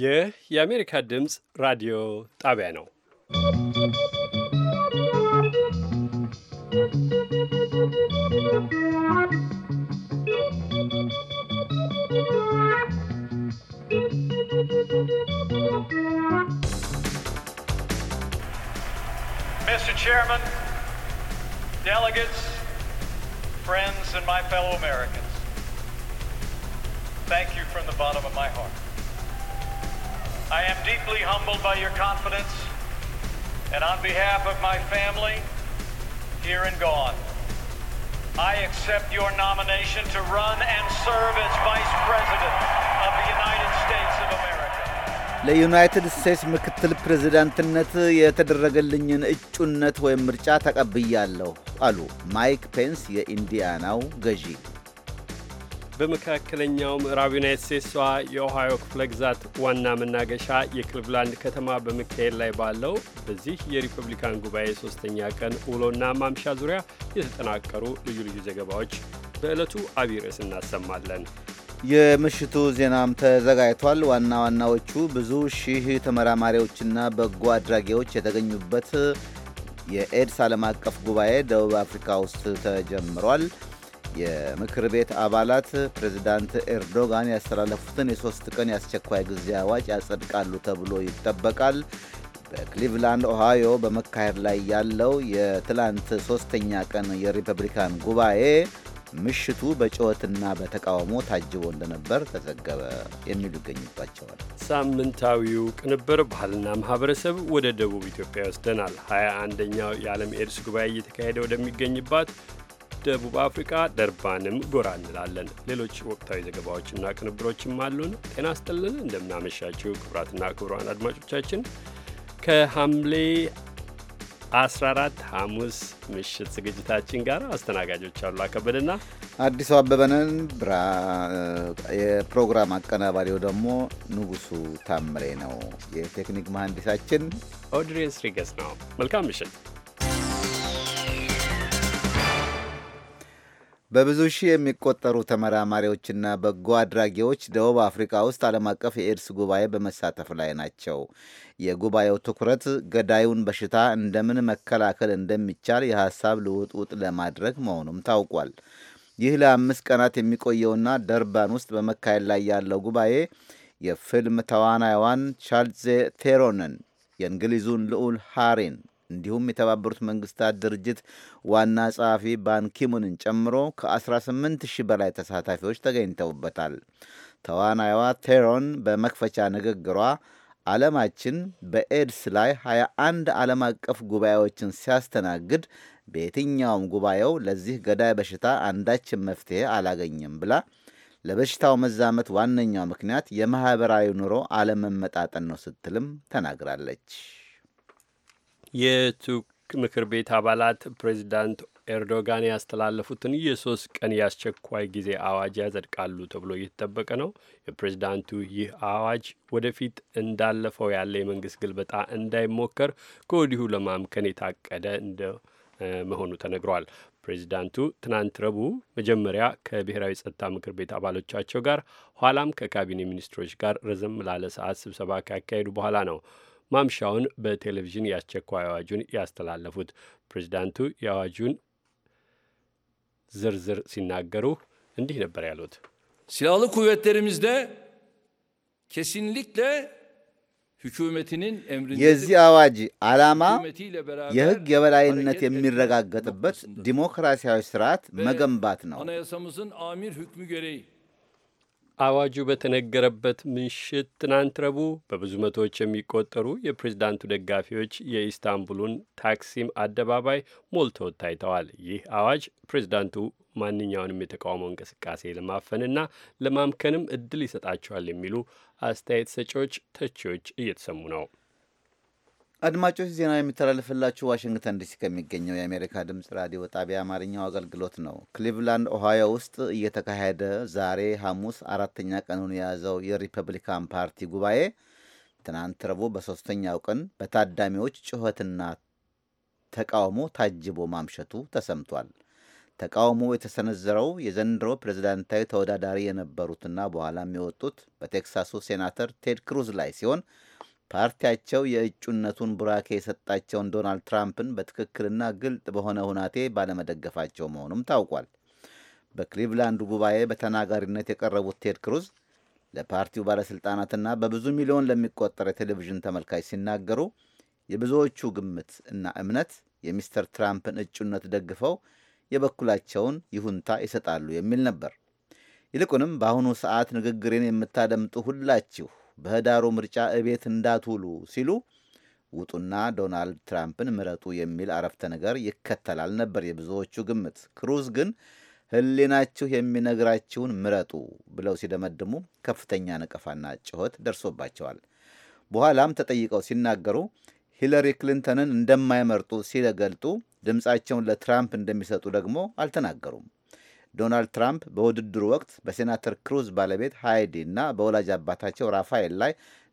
ይህ የአሜሪካ ድምፅ ራዲዮ ጣቢያ ነው። Mr. Chairman, delegates, friends, and my fellow Americans, thank you from the bottom of my heart. I am deeply humbled by your confidence, and on behalf of my family, here and gone, I accept your nomination to run and serve as Vice President of the United States of America. ለዩናይትድ ስቴትስ ምክትል ፕሬዝዳንትነት የተደረገልኝን እጩነት ወይም ምርጫ ተቀብያለሁ አሉ ማይክ ፔንስ የኢንዲያናው ገዢ። በመካከለኛው ምዕራብ ዩናይት የኦሃዮ ክፍለ ግዛት ዋና መናገሻ የክሊቭላንድ ከተማ በመካሄድ ላይ ባለው በዚህ የሪፐብሊካን ጉባኤ ሶስተኛ ቀን ውሎና ማምሻ ዙሪያ የተጠናቀሩ ልዩ ልዩ ዘገባዎች በዕለቱ አብይ ርዕስ እናሰማለን። የምሽቱ ዜናም ተዘጋጅቷል። ዋና ዋናዎቹ ብዙ ሺህ ተመራማሪዎችና በጎ አድራጊዎች የተገኙበት የኤድስ ዓለም አቀፍ ጉባኤ ደቡብ አፍሪካ ውስጥ ተጀምሯል። የምክር ቤት አባላት ፕሬዚዳንት ኤርዶጋን ያስተላለፉትን የሶስት ቀን የአስቸኳይ ጊዜ አዋጅ ያጸድቃሉ ተብሎ ይጠበቃል። በክሊቭላንድ ኦሃዮ በመካሄድ ላይ ያለው የትላንት ሶስተኛ ቀን የሪፐብሊካን ጉባኤ ምሽቱ በጩኸትና በተቃውሞ ታጅቦ እንደነበር ተዘገበ። የሚሉ ይገኝባቸዋል። ሳምንታዊው ቅንብር ባህልና ማህበረሰብ ወደ ደቡብ ኢትዮጵያ ይወስደናል። ሀያ አንደኛው የዓለም ኤድስ ጉባኤ እየተካሄደ ወደሚገኝባት ደቡብ አፍሪካ ደርባንም ጎራ እንላለን። ሌሎች ወቅታዊ ዘገባዎችና ቅንብሮችም አሉን። ጤና ስጥልን እንደምናመሻችው ክቡራትና ክቡራን አድማጮቻችን ከሐምሌ 14 ሐሙስ ምሽት ዝግጅታችን ጋር አስተናጋጆች አሉ አከበደና አዲሱ ብራ የፕሮግራም አቀናባሪው ደግሞ ንጉሱ ታምሬ ነው። የቴክኒክ መሐንዲሳችን ኦድሬስ ሪገስ ነው። መልካም ምሽት። በብዙ ሺህ የሚቆጠሩ ተመራማሪዎችና በጎ አድራጊዎች ደቡብ አፍሪካ ውስጥ ዓለም አቀፍ የኤድስ ጉባኤ በመሳተፍ ላይ ናቸው። የጉባኤው ትኩረት ገዳዩን በሽታ እንደምን መከላከል እንደሚቻል የሐሳብ ልውውጥ ለማድረግ መሆኑም ታውቋል። ይህ ለአምስት ቀናት የሚቆየውና ደርባን ውስጥ በመካሄድ ላይ ያለው ጉባኤ የፊልም ተዋናይዋን ቻልዜ ቴሮንን የእንግሊዙን ልዑል ሃሪን እንዲሁም የተባበሩት መንግስታት ድርጅት ዋና ጸሐፊ ባንኪሙንን ጨምሮ ከ18 ሺህ በላይ ተሳታፊዎች ተገኝተውበታል። ተዋናይዋ ቴሮን በመክፈቻ ንግግሯ ዓለማችን በኤድስ ላይ 21 ዓለም አቀፍ ጉባኤዎችን ሲያስተናግድ በየትኛውም ጉባኤው ለዚህ ገዳይ በሽታ አንዳችን መፍትሄ አላገኘም ብላ ለበሽታው መዛመት ዋነኛው ምክንያት የማኅበራዊ ኑሮ አለመመጣጠን ነው ስትልም ተናግራለች። የቱርክ ምክር ቤት አባላት ፕሬዚዳንት ኤርዶጋን ያስተላለፉትን የሶስት ቀን የአስቸኳይ ጊዜ አዋጅ ያጸድቃሉ ተብሎ እየተጠበቀ ነው። የፕሬዚዳንቱ ይህ አዋጅ ወደፊት እንዳለፈው ያለ የመንግስት ግልበጣ እንዳይሞከር ከወዲሁ ለማምከን የታቀደ እንደ መሆኑ ተነግሯል። ፕሬዚዳንቱ ትናንት ረቡዕ መጀመሪያ ከብሔራዊ ጸጥታ ምክር ቤት አባሎቻቸው ጋር ኋላም ከካቢኔ ሚኒስትሮች ጋር ረዘም ላለ ሰዓት ስብሰባ ካካሄዱ በኋላ ነው ማምሻውን በቴሌቪዥን የአስቸኳይ አዋጁን ያስተላለፉት ፕሬዚዳንቱ የአዋጁን ዝርዝር ሲናገሩ እንዲህ ነበር ያሉት። ሲላሉ kuvvetlerimizde ኬሲንሊክለ የዚህ አዋጅ ዓላማ የሕግ የበላይነት የሚረጋገጥበት ዲሞክራሲያዊ ስርዓት መገንባት ነው። አዋጁ በተነገረበት ምሽት ትናንት ረቡዕ በብዙ መቶዎች የሚቆጠሩ የፕሬዝዳንቱ ደጋፊዎች የኢስታንቡሉን ታክሲም አደባባይ ሞልተው ታይተዋል። ይህ አዋጅ ፕሬዝዳንቱ ማንኛውንም የተቃውሞ እንቅስቃሴ ለማፈንና ለማምከንም እድል ይሰጣቸዋል የሚሉ አስተያየት ሰጪዎች፣ ተቺዎች እየተሰሙ ነው። አድማጮች ዜና የሚተላለፍላችሁ ዋሽንግተን ዲሲ ከሚገኘው የአሜሪካ ድምፅ ራዲዮ ጣቢያ አማርኛው አገልግሎት ነው። ክሊቭላንድ ኦሃዮ ውስጥ እየተካሄደ ዛሬ ሐሙስ አራተኛ ቀኑን የያዘው የሪፐብሊካን ፓርቲ ጉባኤ ትናንት ረቡዕ በሦስተኛው ቀን በታዳሚዎች ጩኸትና ተቃውሞ ታጅቦ ማምሸቱ ተሰምቷል። ተቃውሞ የተሰነዘረው የዘንድሮ ፕሬዝዳንታዊ ተወዳዳሪ የነበሩትና በኋላም የወጡት በቴክሳሱ ሴናተር ቴድ ክሩዝ ላይ ሲሆን ፓርቲያቸው የእጩነቱን ቡራኬ የሰጣቸውን ዶናልድ ትራምፕን በትክክልና ግልጥ በሆነ ሁናቴ ባለመደገፋቸው መሆኑም ታውቋል። በክሊቭላንዱ ጉባኤ በተናጋሪነት የቀረቡት ቴድ ክሩዝ ለፓርቲው ባለሥልጣናትና በብዙ ሚሊዮን ለሚቆጠር የቴሌቪዥን ተመልካች ሲናገሩ የብዙዎቹ ግምት እና እምነት የሚስተር ትራምፕን እጩነት ደግፈው የበኩላቸውን ይሁንታ ይሰጣሉ የሚል ነበር። ይልቁንም በአሁኑ ሰዓት ንግግሬን የምታደምጡ ሁላችሁ በህዳሩ ምርጫ እቤት እንዳትውሉ ሲሉ ውጡና ዶናልድ ትራምፕን ምረጡ የሚል አረፍተ ነገር ይከተላል ነበር የብዙዎቹ ግምት። ክሩዝ ግን ህሊናችሁ የሚነግራችሁን ምረጡ ብለው ሲደመድሙ ከፍተኛ ነቀፋና ጩኸት ደርሶባቸዋል። በኋላም ተጠይቀው ሲናገሩ ሂለሪ ክሊንተንን እንደማይመርጡ ሲገልጡ ድምፃቸውን ለትራምፕ እንደሚሰጡ ደግሞ አልተናገሩም። ዶናልድ ትራምፕ በውድድሩ ወቅት በሴናተር ክሩዝ ባለቤት ሃይዲ እና በወላጅ አባታቸው ራፋኤል ላይ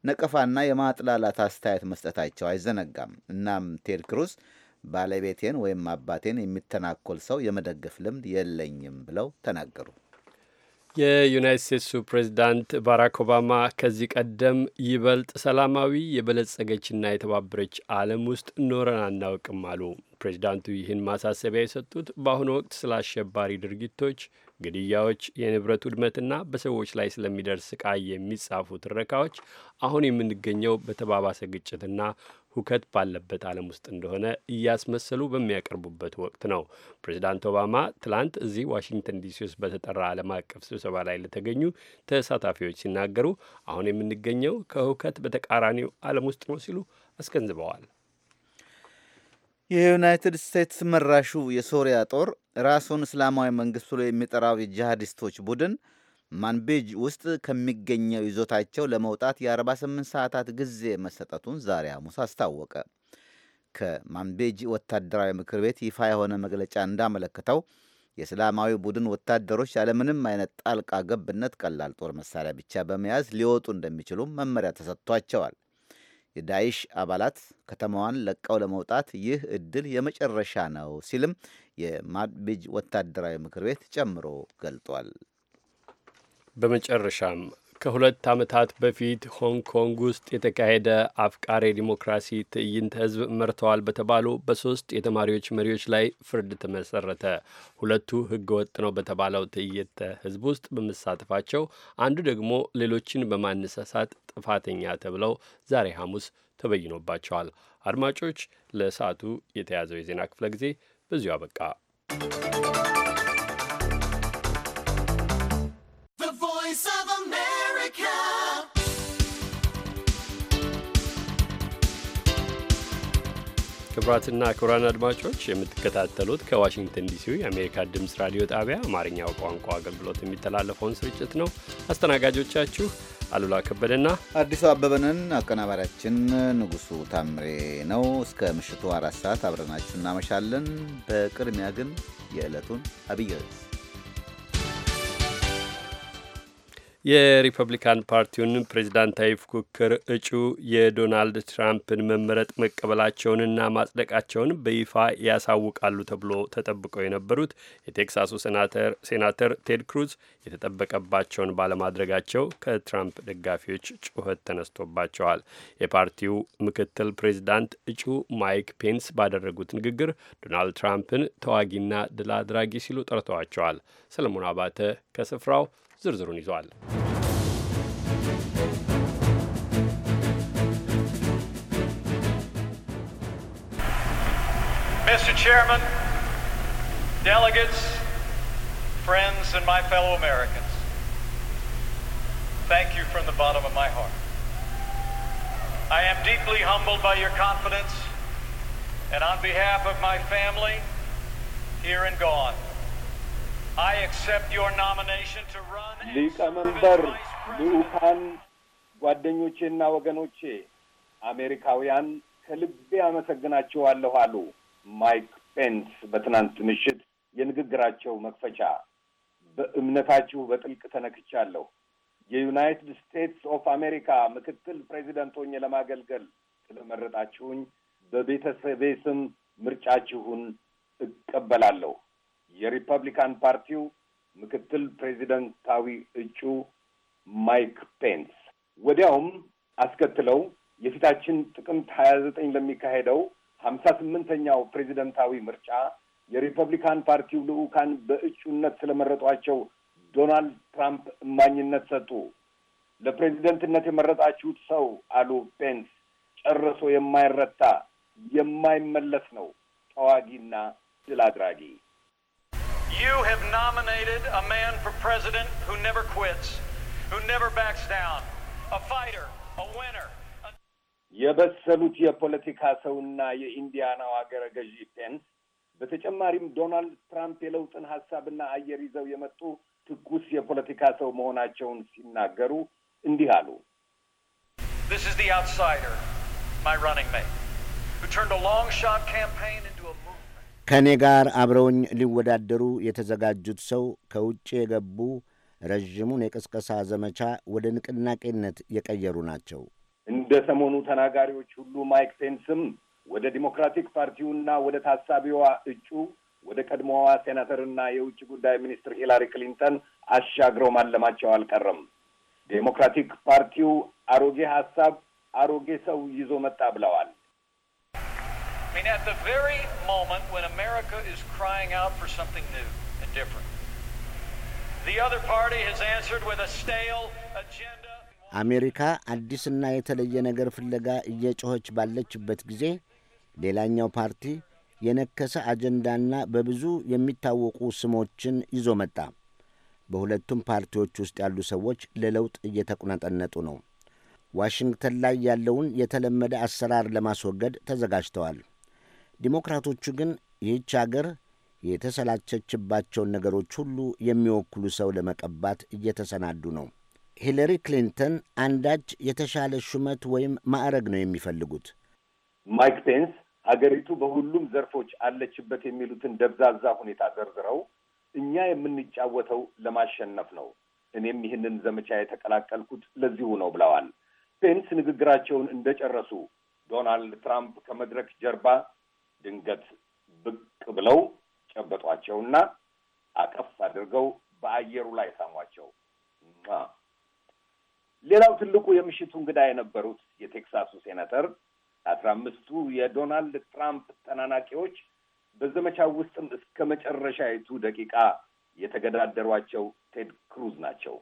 ነቀፋና የማጥላላት አስተያየት መስጠታቸው አይዘነጋም። እናም ቴድ ክሩዝ ባለቤቴን ወይም አባቴን የሚተናኮል ሰው የመደገፍ ልምድ የለኝም ብለው ተናገሩ። የዩናይት ስቴትሱ ፕሬዚዳንት ባራክ ኦባማ ከዚህ ቀደም ይበልጥ ሰላማዊ የበለጸገችና የተባበረች ዓለም ውስጥ ኖረን አናውቅም አሉ። ፕሬዚዳንቱ ይህን ማሳሰቢያ የሰጡት በአሁኑ ወቅት ስለ አሸባሪ ድርጊቶች፣ ግድያዎች፣ የንብረት ውድመትና በሰዎች ላይ ስለሚደርስ ስቃይ የሚጻፉ ትረካዎች አሁን የምንገኘው በተባባሰ ግጭትና ሁከት ባለበት ዓለም ውስጥ እንደሆነ እያስመሰሉ በሚያቀርቡበት ወቅት ነው። ፕሬዚዳንት ኦባማ ትላንት እዚህ ዋሽንግተን ዲሲ ውስጥ በተጠራ ዓለም አቀፍ ስብሰባ ላይ ለተገኙ ተሳታፊዎች ሲናገሩ አሁን የምንገኘው ከሁከት በተቃራኒው ዓለም ውስጥ ነው ሲሉ አስገንዝበዋል። የዩናይትድ ስቴትስ መራሹ የሶሪያ ጦር ራሱን እስላማዊ መንግስት ብሎ የሚጠራው የጂሃዲስቶች ቡድን ማንቤጅ ውስጥ ከሚገኘው ይዞታቸው ለመውጣት የ48 ሰዓታት ጊዜ መሰጠቱን ዛሬ ሐሙስ አስታወቀ። ከማንቤጅ ወታደራዊ ምክር ቤት ይፋ የሆነ መግለጫ እንዳመለከተው የእስላማዊ ቡድን ወታደሮች ያለምንም አይነት ጣልቃ ገብነት ቀላል ጦር መሳሪያ ብቻ በመያዝ ሊወጡ እንደሚችሉም መመሪያ ተሰጥቷቸዋል። የዳይሽ አባላት ከተማዋን ለቀው ለመውጣት ይህ እድል የመጨረሻ ነው ሲልም የማንቤጅ ወታደራዊ ምክር ቤት ጨምሮ ገልጧል። በመጨረሻም ከሁለት ዓመታት በፊት ሆንግ ኮንግ ውስጥ የተካሄደ አፍቃሪ ዲሞክራሲ ትዕይንተ ህዝብ መርተዋል በተባሉ በሶስት የተማሪዎች መሪዎች ላይ ፍርድ ተመሰረተ። ሁለቱ ህገ ወጥ ነው በተባለው ትዕይንተ ህዝብ ውስጥ በመሳተፋቸው አንዱ ደግሞ ሌሎችን በማነሳሳት ጥፋተኛ ተብለው ዛሬ ሐሙስ ተበይኖባቸዋል። አድማጮች፣ ለሰዓቱ የተያዘው የዜና ክፍለ ጊዜ በዚሁ አበቃ። ክብራትና ክቡራን አድማጮች የምትከታተሉት ከዋሽንግተን ዲሲ የአሜሪካ ድምፅ ራዲዮ ጣቢያ አማርኛው ቋንቋ አገልግሎት የሚተላለፈውን ስርጭት ነው። አስተናጋጆቻችሁ አሉላ ከበደና አዲሱ አበበንን፣ አቀናባሪያችን ንጉሱ ታምሬ ነው። እስከ ምሽቱ አራት ሰዓት አብረናችሁ እናመሻለን። በቅድሚያ ግን የዕለቱን አብይ የሪፐብሊካን ፓርቲውን ፕሬዚዳንታዊ ፉክክር እጩ የዶናልድ ትራምፕን መመረጥ መቀበላቸውንና ማጽደቃቸውን በይፋ ያሳውቃሉ ተብሎ ተጠብቀው የነበሩት የቴክሳሱ ሴናተር ቴድ ክሩዝ የተጠበቀባቸውን ባለማድረጋቸው ከትራምፕ ደጋፊዎች ጩኸት ተነስቶባቸዋል። የፓርቲው ምክትል ፕሬዚዳንት እጩ ማይክ ፔንስ ባደረጉት ንግግር ዶናልድ ትራምፕን ተዋጊና ድል አድራጊ ሲሉ ጠርተዋቸዋል። ሰለሞን አባተ ከስፍራው ዝርዝሩን Mr. Chairman, delegates, friends, and my fellow Americans, thank you from the bottom of my heart. I am deeply humbled by your confidence, and on behalf of my family, here and gone, ሊቀመንበር ልዑካን ጓደኞቼና ወገኖቼ አሜሪካውያን ከልቤ አመሰግናችኋለሁ አሉ ማይክ ፔንስ በትናንት ምሽት የንግግራቸው መክፈቻ። በእምነታችሁ በጥልቅ ተነክቻለሁ። የዩናይትድ ስቴትስ ኦፍ አሜሪካ ምክትል ፕሬዚደንት ሆኜ ለማገልገል ስለመረጣችሁኝ በቤተሰቤ ስም ምርጫችሁን እቀበላለሁ። የሪፐብሊካን ፓርቲው ምክትል ፕሬዚደንታዊ እጩ ማይክ ፔንስ ወዲያውም አስከትለው የፊታችን ጥቅምት ሀያ ዘጠኝ ለሚካሄደው ሀምሳ ስምንተኛው ፕሬዚደንታዊ ምርጫ የሪፐብሊካን ፓርቲው ልዑካን በእጩነት ስለመረጧቸው ዶናልድ ትራምፕ እማኝነት ሰጡ። ለፕሬዚደንትነት የመረጣችሁት ሰው አሉ ፔንስ፣ ጨርሶ የማይረታ የማይመለስ ነው፣ ተዋጊና ድል አድራጊ You have nominated a man for president who never quits, who never backs down, a fighter, a winner. A... የበሰሉት የፖለቲካ ሰውና የኢንዲያናው አገረ ገዢ ፔንስ በተጨማሪም ዶናልድ ትራምፕ የለውጥን ሀሳብና አየር ይዘው የመጡ ትኩስ የፖለቲካ ሰው መሆናቸውን ሲናገሩ እንዲህ አሉ። This is the outsider, my running mate, who turned a long shot campaign into a ከእኔ ጋር አብረውኝ ሊወዳደሩ የተዘጋጁት ሰው ከውጭ የገቡ ረዥሙን የቅስቀሳ ዘመቻ ወደ ንቅናቄነት የቀየሩ ናቸው። እንደ ሰሞኑ ተናጋሪዎች ሁሉ ማይክ ፔንስም ወደ ዲሞክራቲክ ፓርቲውና ወደ ታሳቢዋ እጩ ወደ ቀድሞዋ ሴናተርና የውጭ ጉዳይ ሚኒስትር ሂላሪ ክሊንተን አሻግረው ማለማቸው አልቀረም። ዴሞክራቲክ ፓርቲው አሮጌ ሀሳብ አሮጌ ሰው ይዞ መጣ ብለዋል። mean, at the very moment when America is crying out for something new and different, the other party has answered with a stale agenda. አሜሪካ አዲስና የተለየ ነገር ፍለጋ እየጮኸች ባለችበት ጊዜ ሌላኛው ፓርቲ የነከሰ አጀንዳና በብዙ የሚታወቁ ስሞችን ይዞ መጣ። በሁለቱም ፓርቲዎች ውስጥ ያሉ ሰዎች ለለውጥ እየተቁነጠነጡ ነው። ዋሽንግተን ላይ ያለውን የተለመደ አሰራር ለማስወገድ ተዘጋጅተዋል። ዲሞክራቶቹ ግን ይህች አገር የተሰላቸችባቸውን ነገሮች ሁሉ የሚወክሉ ሰው ለመቀባት እየተሰናዱ ነው። ሂለሪ ክሊንተን አንዳች የተሻለ ሹመት ወይም ማዕረግ ነው የሚፈልጉት። ማይክ ፔንስ ሀገሪቱ በሁሉም ዘርፎች አለችበት የሚሉትን ደብዛዛ ሁኔታ ዘርዝረው እኛ የምንጫወተው ለማሸነፍ ነው፣ እኔም ይህንን ዘመቻ የተቀላቀልኩት ለዚሁ ነው ብለዋል። ፔንስ ንግግራቸውን እንደጨረሱ ዶናልድ ትራምፕ ከመድረክ ጀርባ ድንገት ብቅ ብለው ጨበጧቸውና አቀፍ አድርገው በአየሩ ላይ ሳሟቸው። ሌላው ትልቁ የምሽቱ እንግዳ የነበሩት የቴክሳሱ ሴነተር አስራ አምስቱ የዶናልድ ትራምፕ ተናናቂዎች በዘመቻው ውስጥም እስከ መጨረሻይቱ ደቂቃ የተገዳደሯቸው ቴድ ክሩዝ ናቸው።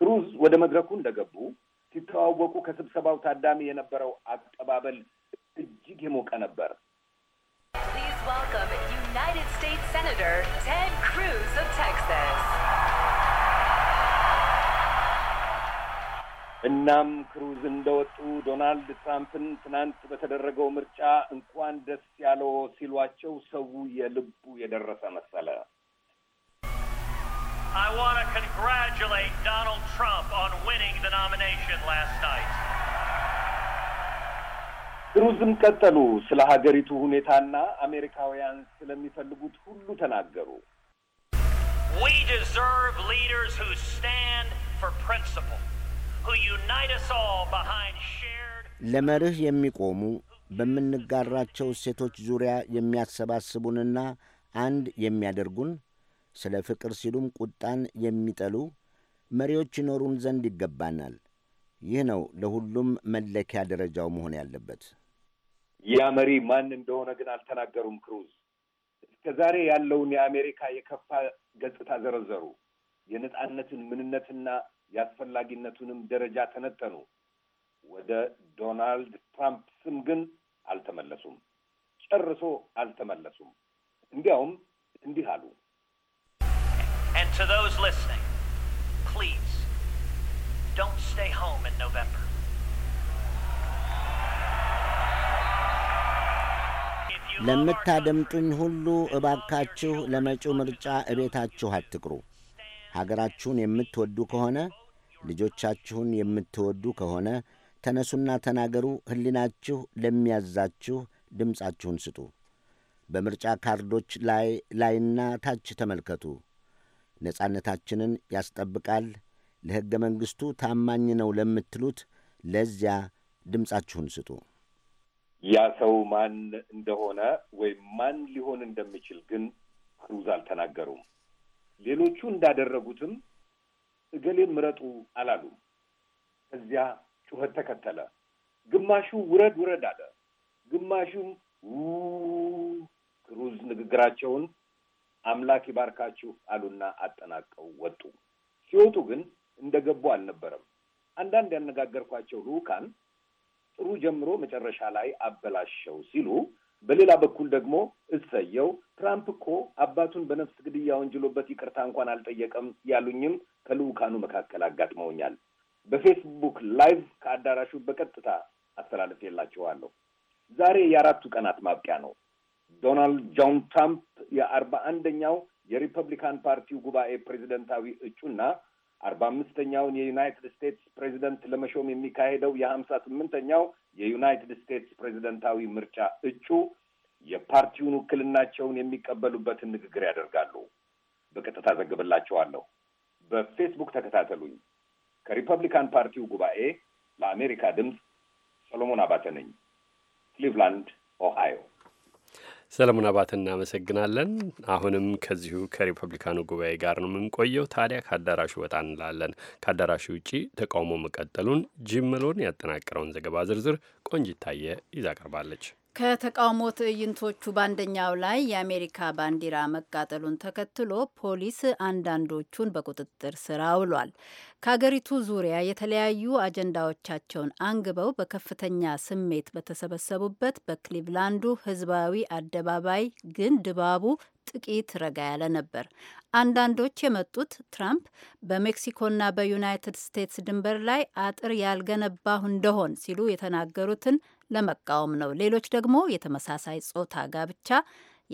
ክሩዝ ወደ መድረኩ እንደገቡ ሲተዋወቁ ከስብሰባው ታዳሚ የነበረው አቀባበል እጅግ የሞቀ ነበር። welcome United States Senator Ted Cruz of Texas. እናም ክሩዝ እንደወጡ ዶናልድ ትራምፕን ትናንት በተደረገው ምርጫ እንኳን ደስ ያለው ሲሏቸው ሰው የልቡ የደረሰ መሰለ። I want to congratulate Donald Trump on winning the nomination last night. ሩዝም ቀጠሉ። ስለ ሀገሪቱ ሁኔታና አሜሪካውያን ስለሚፈልጉት ሁሉ ተናገሩ። ለመርህ የሚቆሙ በምንጋራቸው እሴቶች ዙሪያ የሚያሰባስቡንና አንድ የሚያደርጉን ስለ ፍቅር ሲሉም ቁጣን የሚጠሉ መሪዎች ይኖሩን ዘንድ ይገባናል። ይህ ነው ለሁሉም መለኪያ ደረጃው መሆን ያለበት። ያ መሪ ማን እንደሆነ ግን አልተናገሩም። ክሩዝ እስከ ዛሬ ያለውን የአሜሪካ የከፋ ገጽታ ዘረዘሩ። የነጻነትን ምንነትና የአስፈላጊነቱንም ደረጃ ተነተኑ። ወደ ዶናልድ ትራምፕ ስም ግን አልተመለሱም። ጨርሶ አልተመለሱም። እንዲያውም እንዲህ አሉ። And to those listening, please don't stay home in November. ለምታደምጡኝ ሁሉ እባካችሁ ለመጪው ምርጫ እቤታችሁ አትቅሩ። ሀገራችሁን የምትወዱ ከሆነ ልጆቻችሁን የምትወዱ ከሆነ ተነሱና ተናገሩ። ሕሊናችሁ ለሚያዛችሁ ድምፃችሁን ስጡ። በምርጫ ካርዶች ላይ ላይና ታች ተመልከቱ። ነጻነታችንን ያስጠብቃል፣ ለሕገ መንግሥቱ ታማኝ ነው ለምትሉት ለዚያ ድምፃችሁን ስጡ። ያ ሰው ማን እንደሆነ ወይም ማን ሊሆን እንደሚችል ግን ክሩዝ አልተናገሩም። ሌሎቹ እንዳደረጉትም እገሌ ምረጡ አላሉም። ከዚያ ጩኸት ተከተለ። ግማሹ ውረድ ውረድ አለ፣ ግማሹም ክሩዝ ንግግራቸውን አምላክ ይባርካችሁ አሉና አጠናቀው ወጡ። ሲወጡ ግን እንደገቡ አልነበረም። አንዳንድ ያነጋገርኳቸው ልዑካን ጥሩ ጀምሮ መጨረሻ ላይ አበላሸው ሲሉ፣ በሌላ በኩል ደግሞ እሰየው ትራምፕ እኮ አባቱን በነፍስ ግድያ ወንጅሎበት ይቅርታ እንኳን አልጠየቀም ያሉኝም ከልዑካኑ መካከል አጋጥመውኛል። በፌስቡክ ላይቭ ከአዳራሹ በቀጥታ አስተላለፍ የላችኋለሁ። ዛሬ የአራቱ ቀናት ማብቂያ ነው። ዶናልድ ጆን ትራምፕ የአርባ አንደኛው የሪፐብሊካን ፓርቲው ጉባኤ ፕሬዚደንታዊ እጩና አርባ አምስተኛውን የዩናይትድ ስቴትስ ፕሬዚደንት ለመሾም የሚካሄደው የሀምሳ ስምንተኛው የዩናይትድ ስቴትስ ፕሬዚደንታዊ ምርጫ እጩ የፓርቲውን ውክልናቸውን የሚቀበሉበትን ንግግር ያደርጋሉ። በቀጥታ ዘግብላቸዋለሁ። በፌስቡክ ተከታተሉኝ። ከሪፐብሊካን ፓርቲው ጉባኤ ለአሜሪካ ድምፅ ሰሎሞን አባተ ነኝ፣ ክሊቭላንድ ኦሃዮ። ሰለሞን አባት እናመሰግናለን። አሁንም ከዚሁ ከሪፐብሊካኑ ጉባኤ ጋር ነው የምንቆየው። ታዲያ ከአዳራሹ ወጣ እንላለን። ከአዳራሹ ውጪ ተቃውሞ መቀጠሉን ጂም መሎን ያጠናቀረውን ዘገባ ዝርዝር ቆንጂት ታየ ይዛ ቀርባለች። ከተቃውሞ ትዕይንቶቹ በአንደኛው ላይ የአሜሪካ ባንዲራ መቃጠሉን ተከትሎ ፖሊስ አንዳንዶቹን በቁጥጥር ስር አውሏል። ከሀገሪቱ ዙሪያ የተለያዩ አጀንዳዎቻቸውን አንግበው በከፍተኛ ስሜት በተሰበሰቡበት በክሊቭላንዱ ሕዝባዊ አደባባይ ግን ድባቡ ጥቂት ረጋ ያለ ነበር። አንዳንዶች የመጡት ትራምፕ በሜክሲኮና በዩናይትድ ስቴትስ ድንበር ላይ አጥር ያልገነባሁ እንደሆን ሲሉ የተናገሩትን ለመቃወም ነው። ሌሎች ደግሞ የተመሳሳይ ጾታ ጋብቻ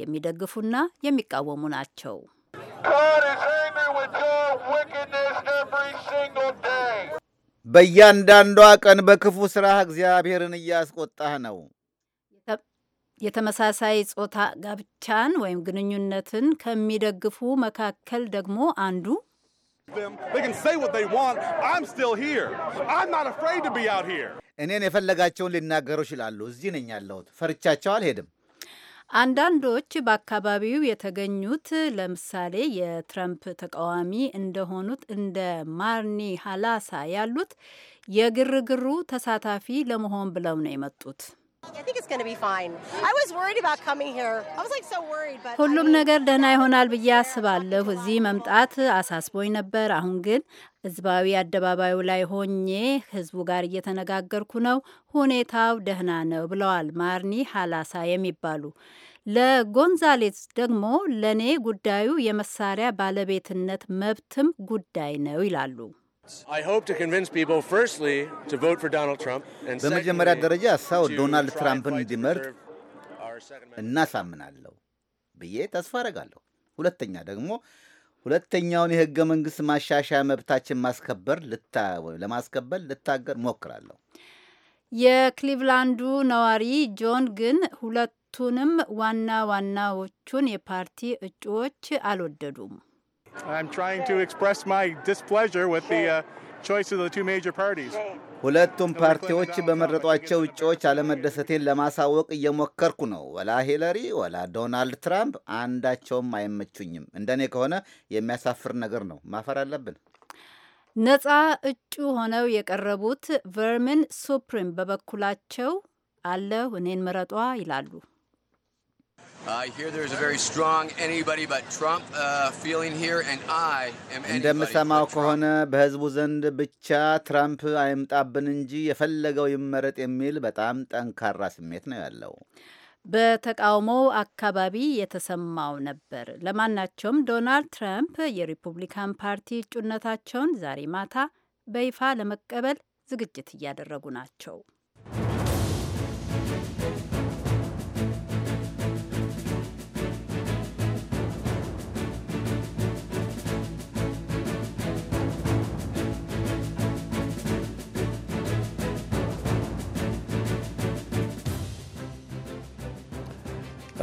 የሚደግፉና የሚቃወሙ ናቸው። በእያንዳንዷ ቀን በክፉ ሥራህ እግዚአብሔርን እያስቆጣህ ነው። የተመሳሳይ ጾታ ጋብቻን ወይም ግንኙነትን ከሚደግፉ መካከል ደግሞ አንዱ እኔን የፈለጋቸውን ሊናገሩ ይችላሉ። እዚህ ነኝ ያለሁት፣ ፈርቻቸው አልሄድም። አንዳንዶች በአካባቢው የተገኙት ለምሳሌ የትረምፕ ተቃዋሚ እንደሆኑት እንደ ማርኒ ሀላሳ ያሉት የግርግሩ ተሳታፊ ለመሆን ብለው ነው የመጡት። ሁሉም ነገር ደህና ይሆናል ብዬ አስባለሁ። እዚህ መምጣት አሳስቦኝ ነበር። አሁን ግን ህዝባዊ አደባባዩ ላይ ሆኜ ህዝቡ ጋር እየተነጋገርኩ ነው። ሁኔታው ደህና ነው ብለዋል ማርኒ ሀላሳ የሚባሉ ለጎንዛሌስ ደግሞ ለእኔ ጉዳዩ የመሳሪያ ባለቤትነት መብትም ጉዳይ ነው ይላሉ። በመጀመሪያ ደረጃ ሰው ዶናልድ ትራምፕን እንዲመርጥ እናሳምናለሁ ብዬ ተስፋ አደርጋለሁ። ሁለተኛ ደግሞ ሁለተኛውን የህገ መንግሥት ማሻሻያ መብታችን ማስከበር ለማስከበር ልታገር ሞክራለሁ። የክሊቭላንዱ ነዋሪ ጆን ግን ሁለቱንም ዋና ዋናዎቹን የፓርቲ እጩዎች አልወደዱም። ሁለቱም ፓርቲዎች በመረጧቸው እጩዎች አለመደሰቴን ለማሳወቅ እየሞከርኩ ነው። ወላ ሂለሪ ወላ ዶናልድ ትራምፕ አንዳቸውም አይመቹኝም። እንደኔ ከሆነ የሚያሳፍር ነገር ነው። ማፈር አለብን። ነጻ እጩ ሆነው የቀረቡት ቨርሚን ሱፕሪም በበኩላቸው አለ እኔን ምረጧ ይላሉ። እንደምሰማው ከሆነ በህዝቡ ዘንድ ብቻ ትራምፕ አይምጣብን እንጂ የፈለገው ይመረጥ የሚል በጣም ጠንካራ ስሜት ነው ያለው። በተቃውሞው አካባቢ የተሰማው ነበር። ለማናቸውም ዶናልድ ትራምፕ የሪፑብሊካን ፓርቲ እጩነታቸውን ዛሬ ማታ በይፋ ለመቀበል ዝግጅት እያደረጉ ናቸው።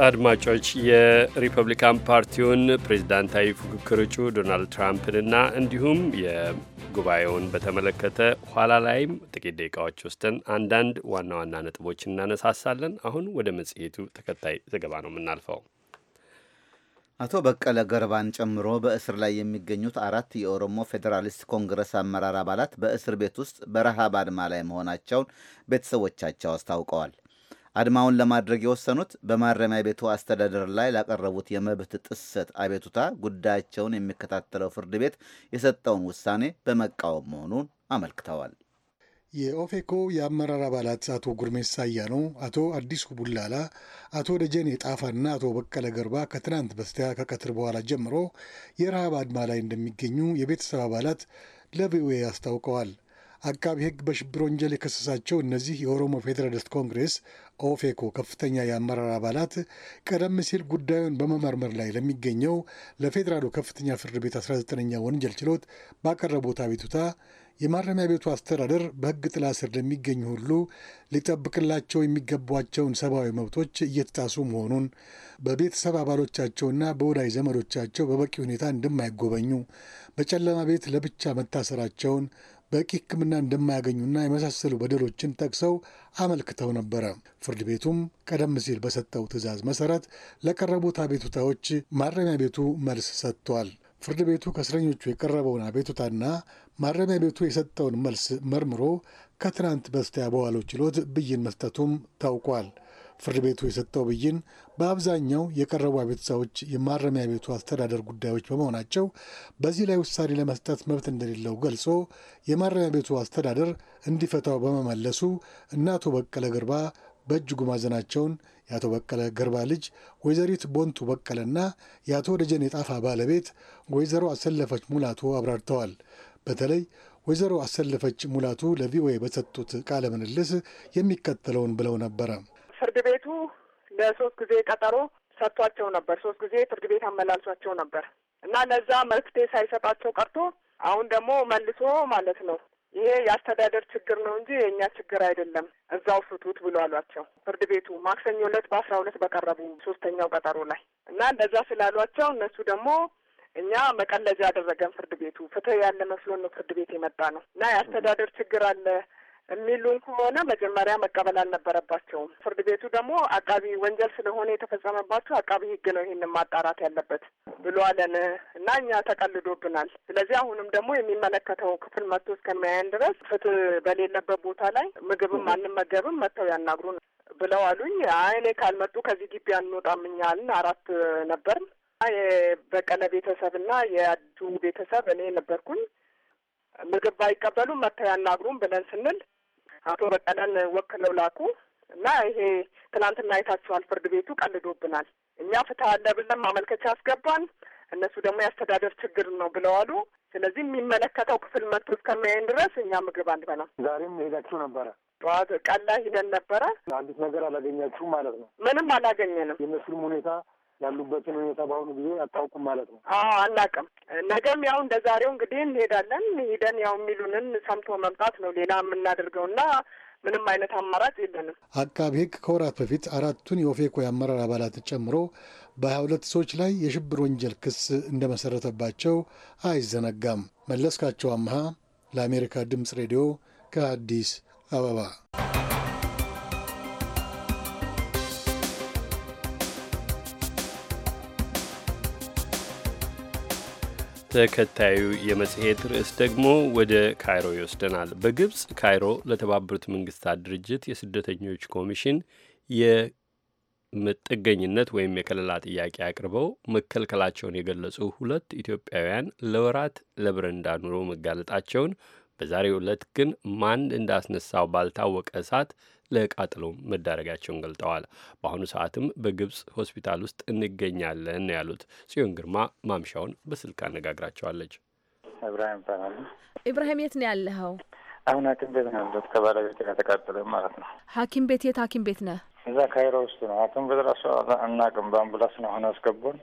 አድማጮች የሪፐብሊካን ፓርቲውን ፕሬዚዳንታዊ ፉክክር እጩ ዶናልድ ትራምፕንና እንዲሁም የጉባኤውን በተመለከተ ኋላ ላይም ጥቂት ደቂቃዎች ወስደን አንዳንድ ዋና ዋና ነጥቦች እናነሳሳለን። አሁን ወደ መጽሔቱ ተከታይ ዘገባ ነው የምናልፈው። አቶ በቀለ ገርባን ጨምሮ በእስር ላይ የሚገኙት አራት የኦሮሞ ፌዴራሊስት ኮንግረስ አመራር አባላት በእስር ቤት ውስጥ በረሃብ አድማ ላይ መሆናቸውን ቤተሰቦቻቸው አስታውቀዋል። አድማውን ለማድረግ የወሰኑት በማረሚያ ቤቱ አስተዳደር ላይ ላቀረቡት የመብት ጥሰት አቤቱታ ጉዳያቸውን የሚከታተለው ፍርድ ቤት የሰጠውን ውሳኔ በመቃወም መሆኑን አመልክተዋል። የኦፌኮ የአመራር አባላት አቶ ጉርሜሳ አያኖ፣ አቶ አዲሱ ቡላላ፣ አቶ ደጀኔ ጣፋና አቶ በቀለ ገርባ ከትናንት በስቲያ ከቀትር በኋላ ጀምሮ የረሃብ አድማ ላይ እንደሚገኙ የቤተሰብ አባላት ለቪኦኤ አስታውቀዋል። አቃቢ ህግ በሽብር ወንጀል የከሰሳቸው እነዚህ የኦሮሞ ፌዴራሊስት ኮንግሬስ ኦፌኮ ከፍተኛ የአመራር አባላት ቀደም ሲል ጉዳዩን በመመርመር ላይ ለሚገኘው ለፌዴራሉ ከፍተኛ ፍርድ ቤት 19ኛ ወንጀል ችሎት ባቀረቡት አቤቱታ የማረሚያ ቤቱ አስተዳደር በህግ ጥላ ስር ለሚገኙ ሁሉ ሊጠብቅላቸው የሚገቧቸውን ሰብአዊ መብቶች እየተጣሱ መሆኑን በቤተሰብ አባሎቻቸውና በወዳጅ ዘመዶቻቸው በበቂ ሁኔታ እንደማይጎበኙ፣ በጨለማ ቤት ለብቻ መታሰራቸውን በቂ ሕክምና እንደማያገኙና የመሳሰሉ በደሎችን ጠቅሰው አመልክተው ነበረ። ፍርድ ቤቱም ቀደም ሲል በሰጠው ትዕዛዝ መሰረት ለቀረቡት አቤቱታዎች ማረሚያ ቤቱ መልስ ሰጥቷል። ፍርድ ቤቱ ከእስረኞቹ የቀረበውን አቤቱታና ማረሚያ ቤቱ የሰጠውን መልስ መርምሮ ከትናንት በስቲያ በዋለው ችሎት ብይን መስጠቱም ታውቋል። ፍርድ ቤቱ የሰጠው ብይን በአብዛኛው የቀረቡ አቤቱታዎች የማረሚያ ቤቱ አስተዳደር ጉዳዮች በመሆናቸው በዚህ ላይ ውሳኔ ለመስጠት መብት እንደሌለው ገልጾ የማረሚያ ቤቱ አስተዳደር እንዲፈታው በመመለሱ እነ አቶ በቀለ ገርባ በእጅጉ ማዘናቸውን የአቶ በቀለ ገርባ ልጅ ወይዘሪት ቦንቱ በቀለና የአቶ ደጀኔ ጣፋ ባለቤት ወይዘሮ አሰለፈች ሙላቱ አብራርተዋል። በተለይ ወይዘሮ አሰለፈች ሙላቱ ለቪኦኤ በሰጡት ቃለ ምልልስ የሚከተለውን ብለው ነበረ። ፍርድ ቤቱ ለሶስት ጊዜ ቀጠሮ ሰጥቷቸው ነበር። ሶስት ጊዜ ፍርድ ቤት አመላልሷቸው ነበር እና ለዛ መፍትሄ ሳይሰጣቸው ቀርቶ አሁን ደግሞ መልሶ ማለት ነው ይሄ የአስተዳደር ችግር ነው እንጂ የእኛ ችግር አይደለም፣ እዛው ፍቱት ብሎ አሏቸው። ፍርድ ቤቱ ማክሰኞ ዕለት በአስራ ሁለት በቀረቡ ሶስተኛው ቀጠሮ ላይ እና እንደዛ ስላሏቸው እነሱ ደግሞ እኛ መቀለጃ ያደረገን ፍርድ ቤቱ ፍትህ ያለ መስሎን ነው ፍርድ ቤት የመጣ ነው እና የአስተዳደር ችግር አለ የሚሉን ከሆነ መጀመሪያ መቀበል አልነበረባቸውም። ፍርድ ቤቱ ደግሞ አቃቢ ወንጀል ስለሆነ የተፈጸመባቸው አቃቢ ሕግ ነው ይህንን ማጣራት ያለበት ብሏለን እና እኛ ተቀልዶብናል። ስለዚህ አሁንም ደግሞ የሚመለከተው ክፍል መጥቶ እስከሚያየን ድረስ ፍትህ በሌለበት ቦታ ላይ ምግብም አንመገብም መጥተው ያናግሩን ብለው አሉኝ። አይኔ ካልመጡ ከዚህ ግቢ አንወጣም እኛ አራት ነበርን። የበቀለ ቤተሰብና የአዱ ቤተሰብ እኔ ነበርኩኝ። ምግብ ባይቀበሉ መጥተው ያናግሩን ብለን ስንል አቶ በቀለን ወክለው ላኩ እና ይሄ ትናንትና አይታችኋል። ፍርድ ቤቱ ቀልዶብናል። እኛ ፍትህ አለ ብለን ማመልከቻ አስገባን። እነሱ ደግሞ የአስተዳደር ችግር ነው ብለዋሉ። ስለዚህ የሚመለከተው ክፍል መጥቶ እስከሚያይን ድረስ እኛ ምግብ አንበላም። ዛሬም ሄዳችሁ ነበረ? ጠዋት ቀላ ሂደን ነበረ። አንዲት ነገር አላገኛችሁም ማለት ነው? ምንም አላገኘንም። የእነሱንም ሁኔታ ያሉበትን ሁኔታ በአሁኑ ጊዜ አታውቁም ማለት ነው? አዎ አናውቅም። ነገም ያው እንደ ዛሬው እንግዲህ እንሄዳለን። ሄደን ያው የሚሉንን ሰምቶ መምጣት ነው። ሌላ የምናደርገው ምንም አይነት አማራጭ የለንም። አቃቢ ሕግ ከወራት በፊት አራቱን የኦፌኮ የአመራር አባላትን ጨምሮ በሀያ ሁለት ሰዎች ላይ የሽብር ወንጀል ክስ እንደመሰረተባቸው አይዘነጋም። መለስካቸው አምሃ ለአሜሪካ ድምፅ ሬዲዮ ከአዲስ አበባ ተከታዩ የመጽሔት ርዕስ ደግሞ ወደ ካይሮ ይወስደናል። በግብፅ ካይሮ ለተባበሩት መንግስታት ድርጅት የስደተኞች ኮሚሽን የጥገኝነት ወይም የከለላ ጥያቄ አቅርበው መከልከላቸውን የገለጹ ሁለት ኢትዮጵያውያን ለወራት ለብረንዳ ኑሮ መጋለጣቸውን በዛሬው ዕለት ግን ማን እንዳስነሳው ባልታወቀ እሳት ለቃጠሎ መዳረጋቸውን ገልጠዋል። በአሁኑ ሰዓትም በግብፅ ሆስፒታል ውስጥ እንገኛለን ያሉት። ጽዮን ግርማ ማምሻውን በስልክ አነጋግራቸዋለች። ኢብራሂም ይባላል። ኢብራሂም የት ነው ያለኸው? አሁን ሐኪም ቤት ነው ያለሁት ከባለቤት ተቃጠለ ማለት ነው። ሐኪም ቤት የት ሐኪም ቤት ነህ? እዛ ካይሮ ውስጥ ነው። አቶም ቤት ራሱ አናውቅም። በአምቡላንስ ነው ሆነ አስገቡን።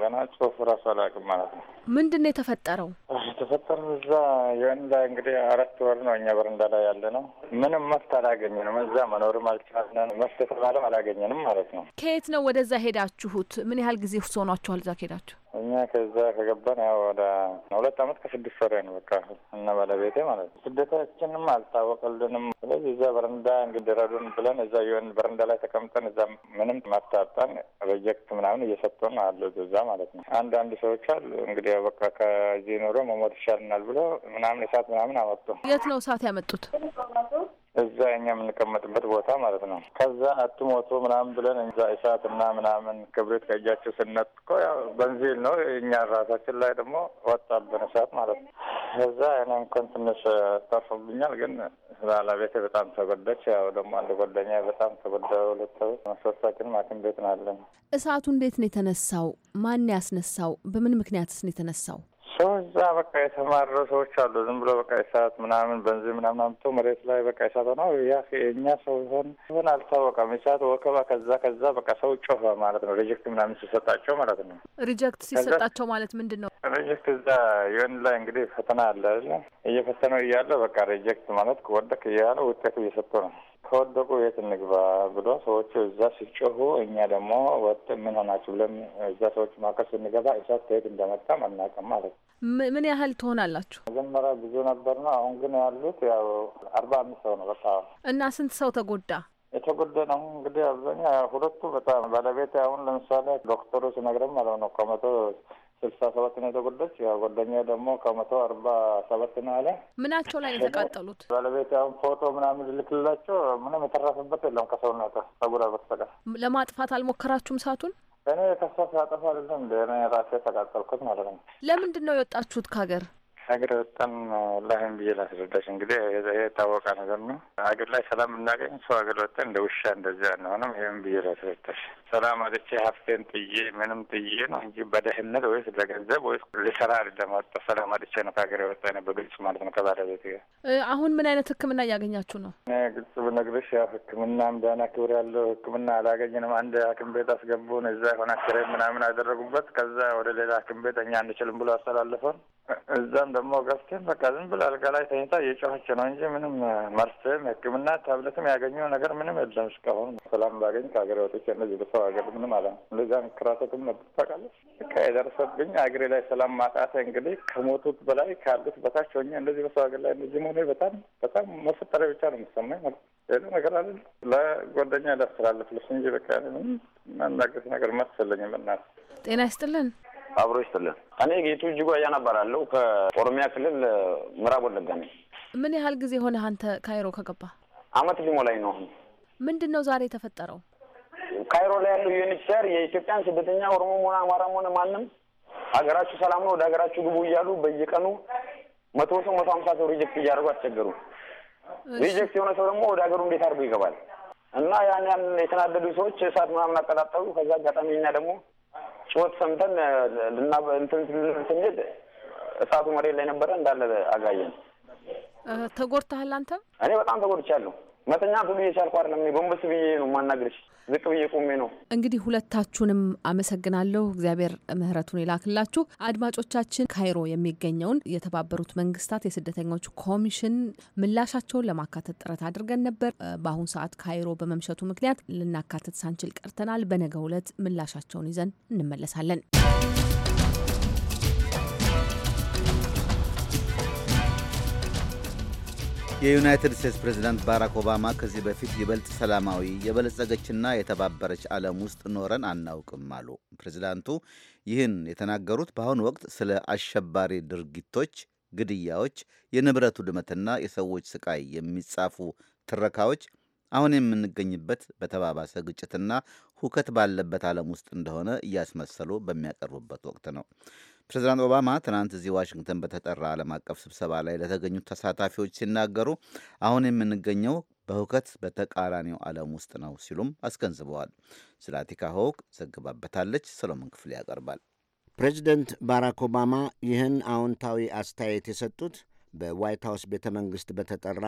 ገና ጽሁፍ ራሱ አላቅም ማለት ነው። ምንድን ነው የተፈጠረው? የተፈጠረው እዛ የወንዳ እንግዲህ አራት ወር ነው እኛ በረንዳ ላይ ያለ ነው። ምንም መፍት አላገኘንም። እዛ መኖርም አልቻለን። መፍት የተባለም አላገኘንም ማለት ነው። ከየት ነው ወደዛ ሄዳችሁት? ምን ያህል ጊዜ ሆኗችኋል እዛ ከሄዳችሁ? እኛ ከዛ ከገባን ያው ወደ ሁለት አመት ከስድስት ወር ነው በቃ እና ባለቤቴ ማለት ነው። ስደታችንም አልታወቀልንም። ስለዚህ እዛ በረንዳ እንግዲህ ብለን እዛ የሆን በረንዳ ላይ ተቀምጠን እዛ ምንም ማታጣን ፕሮጀክት ምናምን እየሰጡን አሉ እዛ ማለት ነው። አንዳንድ ሰዎች አሉ እንግዲህ በቃ ከዚህ ኑሮ መሞት ይሻልናል ብሎ ምናምን እሳት ምናምን አመጡ። የት ነው እሳት ያመጡት? እዛ እኛ የምንቀመጥበት ቦታ ማለት ነው። ከዛ አትሞቶ ምናምን ብለን እዛ እሳትና ምናምን ክብሪት ከእጃቸው ስነጥቆ ያው በንዚል ነው እኛ ራሳችን ላይ ደግሞ ወጣብን እሳት ማለት ነው። እዛ እኔ እንኳን ትንሽ ተርፎብኛል፣ ግን ባለቤቴ በጣም ተጎዳች። ያው ደግሞ አንድ ጓደኛ በጣም ተጎዳ። ሁለተው ሶስታችን ሐኪም ቤት ናለን። እሳቱ እንዴት ነው የተነሳው? ማን ያስነሳው? በምን ምክንያትስ ነው የተነሳው? ሰው እዛ በቃ የተማረ ሰዎች አሉ። ዝም ብሎ በቃ እሳት ምናምን በንዚ ምናምን አምቶ መሬት ላይ በቃ እሳት ሆነ። ያ የእኛ ሰው ይሆን ይሆን አልታወቀም። እሳት ወከባ፣ ከዛ ከዛ በቃ ሰው ጮኸ ማለት ነው። ሪጀክት ምናምን ሲሰጣቸው ማለት ነው። ሪጀክት ሲሰጣቸው ማለት ምንድን ነው? ሪጀክት እዛ የሆን ላይ እንግዲህ ፈተና አለ እየፈተነው እያለ በቃ ሪጀክት ማለት ወደክ እያለ ውጤቱ እየሰጡ ነው ከወደቁ የት እንግባ ብሎ ሰዎቹ እዛ ሲጮሁ፣ እኛ ደግሞ ወጥ ምን ሆናችሁ ብለን እዛ ሰዎች ማከል ስንገባ እሳት ከየት እንደመጣ አናውቅም ማለት ነው። ምን ያህል ትሆናላችሁ? መጀመሪያ ብዙ ነበር ነው። አሁን ግን ያሉት ያው አርባ አምስት ሰው ነው። በቃ እና ስንት ሰው ተጎዳ? የተጎዳን አሁን እንግዲህ አብዛኛ ሁለቱ በጣም ባለቤት አሁን ለምሳሌ ዶክተሩ ሲነግረም ማለት ነው ከመቶ ስልሳ ሰባት ነው የተጎዳች። ያው ጓደኛ ደግሞ ከመቶ አርባ ሰባት ነው አለ። ምናቸው ላይ የተቃጠሉት? ባለቤት አሁን ፎቶ ምናምን ልክልላቸው ምንም የተረፈበት የለም ከሰውነት ጸጉር በስተቀር። ለማጥፋት አልሞከራችሁም ሳቱን? እኔ ተስፋ ሲያጠፋ አይደለም ለራሴ ተቃጠልኩት ማለት ነው። ለምንድን ነው የወጣችሁት ከሀገር? ሀገር በጣም ላህን ብዬ ላስረዳሽ። እንግዲህ የታወቀ ነገር ነው። ሀገር ላይ ሰላም እናገኝ ሰው ሀገር ወጠን እንደ ውሻ እንደዚያ አንሆንም። ይህም ብዬ ላስረዳሽ። ሰላም አጥቼ ሀብቴን ጥዬ ምንም ጥዬ ነው እንጂ በደህንነት ወይስ ለገንዘብ ወይስ ልሰራ አይደለም። ወጣ ሰላም አጥቼ ነው ከሀገር የወጣነው በግልጽ ማለት ነው ከባለቤት ጋር። አሁን ምን አይነት ሕክምና እያገኛችሁ ነው? ግልጽ ብነግርሽ ያው ሕክምናም ደህና ክብር ያለው ሕክምና አላገኝንም። አንድ ሐኪም ቤት አስገቡን። እዛ የሆነ ክሬ ምናምን አደረጉበት። ከዛ ወደ ሌላ ሐኪም ቤት እኛ አንችልም ብሎ አስተላለፈን። እዛም ደግሞ ገፍቴን በቃ ዝም ብላ አልጋ ላይ ተኝታ እየጮኸች ነው እንጂ ምንም መርስም ሕክምና ታብለትም ያገኘው ነገር ምንም የለም እስካሁን። ሰላም ባገኝ ከሀገሬ ወጥቼ እነዚህ በሰው ሀገር ምንም አለ እንደዛ ክራሰትም ነበር ታውቃለች። በቃ የደረሰብኝ አገሬ ላይ ሰላም ማጣት እንግዲህ ከሞቱት በላይ ካሉት በታች ሆኜ እንደዚህ በሰው ሀገር ላይ እንደዚህ መሆኔ በጣም በጣም መፈጠሪ ብቻ ነው የምሰማኝ ማለት ሌላ ነገር አለ ለጓደኛ ላስተላለፍልሽ እንጂ በቃ ምንም እናናገስ ነገር ማስፈለኝ ምናት ጤና ይስጥልን። አብሮ ይስጥልን። እኔ ጌቱ እጅጉ እያነበራለሁ ከኦሮሚያ ክልል ምዕራብ ወለጋ ነኝ። ምን ያህል ጊዜ ሆነ አንተ ካይሮ ከገባ? አመት ሊሞላኝ ነው። አሁን ምንድን ነው ዛሬ የተፈጠረው? ካይሮ ላይ ያለው ዩኤንኤችሲአር የኢትዮጵያን ስደተኛ ኦሮሞ ሆነ አማራም ሆነ ማንም ሀገራችሁ ሰላም ነው ወደ ሀገራችሁ ግቡ እያሉ በየቀኑ መቶ ሰው መቶ ሀምሳ ሰው ሪጀክት እያደርጉ አስቸገሩ። ሪጀክት የሆነ ሰው ደግሞ ወደ ሀገሩ እንዴት አድርጎ ይገባል? እና ያን ያን የተናደዱ ሰዎች እሳት ምናምን አቀጣጠሉ። ከዛ አጋጣሚ እኛ ደግሞ ጩኸት ሰምተን ልና እንትን ስንሄድ እሳቱ መሬት ላይ ነበረ እንዳለ አጋየን። ተጎድተሃል አንተም? እኔ በጣም ተጎድቻለሁ። መተኛት ሁሉ እየቻልኩ አይደለም። ጎንበስ ብዬ ነው ማናገርሽ፣ ዝቅ ብዬ ቆሜ ነው። እንግዲህ ሁለታችሁንም አመሰግናለሁ። እግዚአብሔር ምህረቱን ይላክላችሁ። አድማጮቻችን፣ ካይሮ የሚገኘውን የተባበሩት መንግስታት የስደተኞች ኮሚሽን ምላሻቸውን ለማካተት ጥረት አድርገን ነበር። በአሁኑ ሰዓት ካይሮ በመምሸቱ ምክንያት ልናካተት ሳንችል ቀርተናል። በነገ ሁለት ምላሻቸውን ይዘን እንመለሳለን። የዩናይትድ ስቴትስ ፕሬዝዳንት ባራክ ኦባማ ከዚህ በፊት ይበልጥ ሰላማዊ የበለጸገችና የተባበረች ዓለም ውስጥ ኖረን አናውቅም አሉ። ፕሬዝዳንቱ ይህን የተናገሩት በአሁኑ ወቅት ስለ አሸባሪ ድርጊቶች፣ ግድያዎች፣ የንብረት ውድመትና የሰዎች ስቃይ የሚጻፉ ትረካዎች አሁን የምንገኝበት በተባባሰ ግጭትና ሁከት ባለበት ዓለም ውስጥ እንደሆነ እያስመሰሉ በሚያቀርቡበት ወቅት ነው። ፕሬዚዳንት ኦባማ ትናንት እዚህ ዋሽንግተን በተጠራ ዓለም አቀፍ ስብሰባ ላይ ለተገኙት ተሳታፊዎች ሲናገሩ አሁን የምንገኘው በሁከት በተቃራኒው ዓለም ውስጥ ነው ሲሉም አስገንዝበዋል። ስለ አቲካ ሆክ ዘግባበታለች። ሰሎሞን ክፍሌ ያቀርባል። ፕሬዚደንት ባራክ ኦባማ ይህን አዎንታዊ አስተያየት የሰጡት በዋይት ሀውስ ቤተ መንግሥት በተጠራ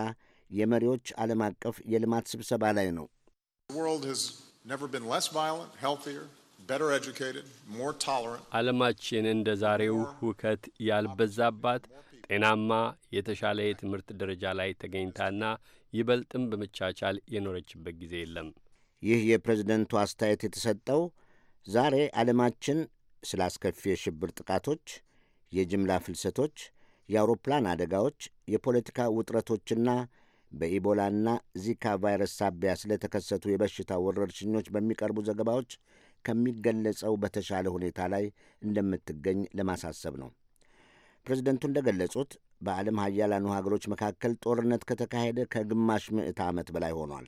የመሪዎች ዓለም አቀፍ የልማት ስብሰባ ላይ ነው። ዓለማችን እንደ ዛሬው ሁከት ያልበዛባት ጤናማ የተሻለ የትምህርት ደረጃ ላይ ተገኝታና ይበልጥም በመቻቻል የኖረችበት ጊዜ የለም። ይህ የፕሬዝደንቱ አስተያየት የተሰጠው ዛሬ ዓለማችን ስለ አስከፊ የሽብር ጥቃቶች፣ የጅምላ ፍልሰቶች፣ የአውሮፕላን አደጋዎች፣ የፖለቲካ ውጥረቶችና በኢቦላና ዚካ ቫይረስ ሳቢያ ስለተከሰቱ የበሽታ ወረርሽኞች በሚቀርቡ ዘገባዎች ከሚገለጸው በተሻለ ሁኔታ ላይ እንደምትገኝ ለማሳሰብ ነው። ፕሬዚደንቱ እንደገለጹት በዓለም ሀያላኑ ሀገሮች መካከል ጦርነት ከተካሄደ ከግማሽ ምዕተ ዓመት በላይ ሆኗል።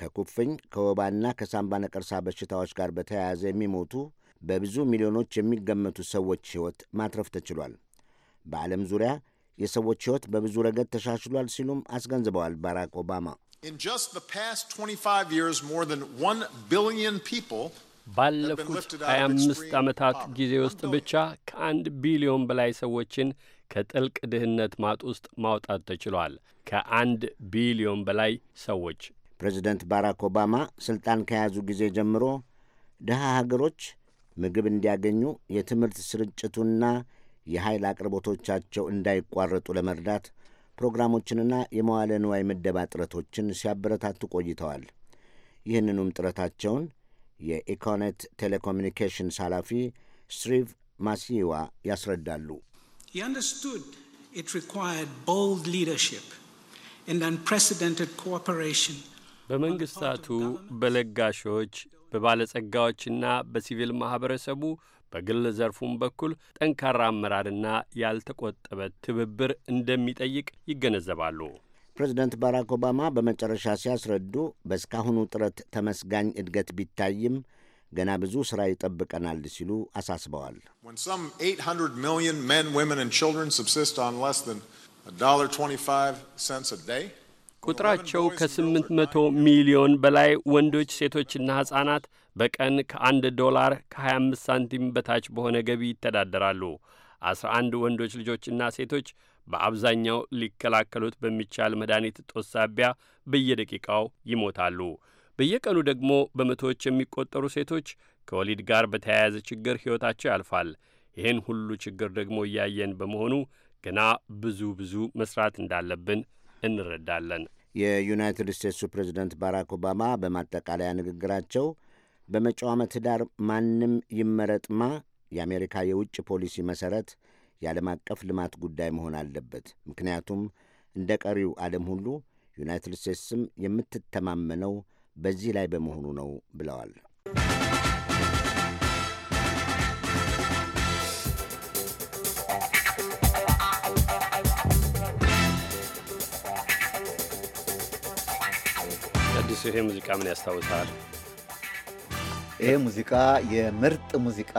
ከኩፍኝ ከወባና ከሳምባ ነቀርሳ በሽታዎች ጋር በተያያዘ የሚሞቱ በብዙ ሚሊዮኖች የሚገመቱ ሰዎች ሕይወት ማትረፍ ተችሏል። በዓለም ዙሪያ የሰዎች ሕይወት በብዙ ረገድ ተሻሽሏል ሲሉም አስገንዝበዋል ባራክ ኦባማ። In just the past 25 years, more than 1 billion people ባለፉት 25 ዓመታት ጊዜ ውስጥ ብቻ ከአንድ ቢሊዮን በላይ ሰዎችን ከጥልቅ ድህነት ማጥ ውስጥ ማውጣት ተችሏል። ከአንድ ቢሊዮን በላይ ሰዎች ፕሬዚደንት ባራክ ኦባማ ስልጣን ከያዙ ጊዜ ጀምሮ ድሃ ሀገሮች ምግብ እንዲያገኙ የትምህርት ስርጭቱና የኃይል አቅርቦቶቻቸው እንዳይቋረጡ ለመርዳት ፕሮግራሞችንና የመዋለ ንዋይ ምደባ ጥረቶችን ሲያበረታቱ ቆይተዋል። ይህንኑም ጥረታቸውን የኢኮኔት ቴሌኮሚኒኬሽንስ ኃላፊ ስትሪቭ ማሲዋ ያስረዳሉ። በመንግሥታቱ በለጋሾች በባለጸጋዎችና በሲቪል ማኅበረሰቡ በግል ዘርፉም በኩል ጠንካራ አመራርና ያልተቆጠበ ትብብር እንደሚጠይቅ ይገነዘባሉ። ፕሬዚደንት ባራክ ኦባማ በመጨረሻ ሲያስረዱ በእስካሁኑ ጥረት ተመስጋኝ እድገት ቢታይም ገና ብዙ ሥራ ይጠብቀናል ሲሉ አሳስበዋል። ቁጥራቸው ከ800 ሚሊዮን በላይ ወንዶች ሴቶችና ሕፃናት በቀን ከ1 ዶላር ከ25 ሳንቲም በታች በሆነ ገቢ ይተዳደራሉ። 11 ወንዶች ልጆችና ሴቶች በአብዛኛው ሊከላከሉት በሚቻል መድኃኒት ጦሳቢያ ሳቢያ በየደቂቃው ይሞታሉ። በየቀኑ ደግሞ በመቶዎች የሚቆጠሩ ሴቶች ከወሊድ ጋር በተያያዘ ችግር ሕይወታቸው ያልፋል። ይህን ሁሉ ችግር ደግሞ እያየን በመሆኑ ገና ብዙ ብዙ መስራት እንዳለብን እንረዳለን። የዩናይትድ ስቴትሱ ፕሬዚደንት ባራክ ኦባማ በማጠቃለያ ንግግራቸው በመጪው ዓመት ኅዳር ማንም ይመረጥማ የአሜሪካ የውጭ ፖሊሲ መሠረት የዓለም አቀፍ ልማት ጉዳይ መሆን አለበት። ምክንያቱም እንደ ቀሪው ዓለም ሁሉ ዩናይትድ ስቴትስም የምትተማመነው በዚህ ላይ በመሆኑ ነው ብለዋል። አዲሱ ይሄ ሙዚቃ ምን ያስታውሳል? ይህ ሙዚቃ የምርጥ ሙዚቃ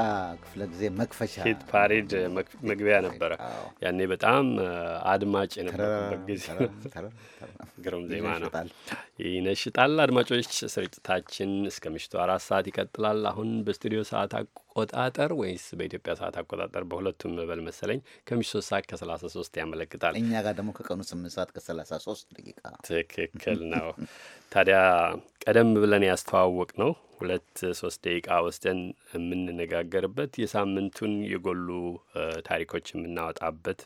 ክፍለ ጊዜ መክፈሻ ሂት ፓሬድ መግቢያ ነበረ። ያኔ በጣም አድማጭ የነበረበት ጊዜ ግሩም ዜማ ነው፣ ይነሽጣል። አድማጮች፣ ስርጭታችን እስከ ምሽቱ አራት ሰዓት ይቀጥላል። አሁን በስቱዲዮ ሰዓት አቆጣጠር ወይስ በኢትዮጵያ ሰዓት አቆጣጠር በሁለቱም መበል መሰለኝ ከምሽቱ ሶስት ሰዓት ከሰላሳ ሶስት ያመለክታል። እኛ ጋር ደግሞ ከቀኑ ስምንት ሰዓት ከሰላሳ ሶስት ደቂቃ ትክክል ነው። ታዲያ ቀደም ብለን ያስተዋወቅ ነው ሁለት ሶስት ደቂቃ ወስደን የምንነጋገርበት የሳምንቱን የጎሉ ታሪኮች የምናወጣበት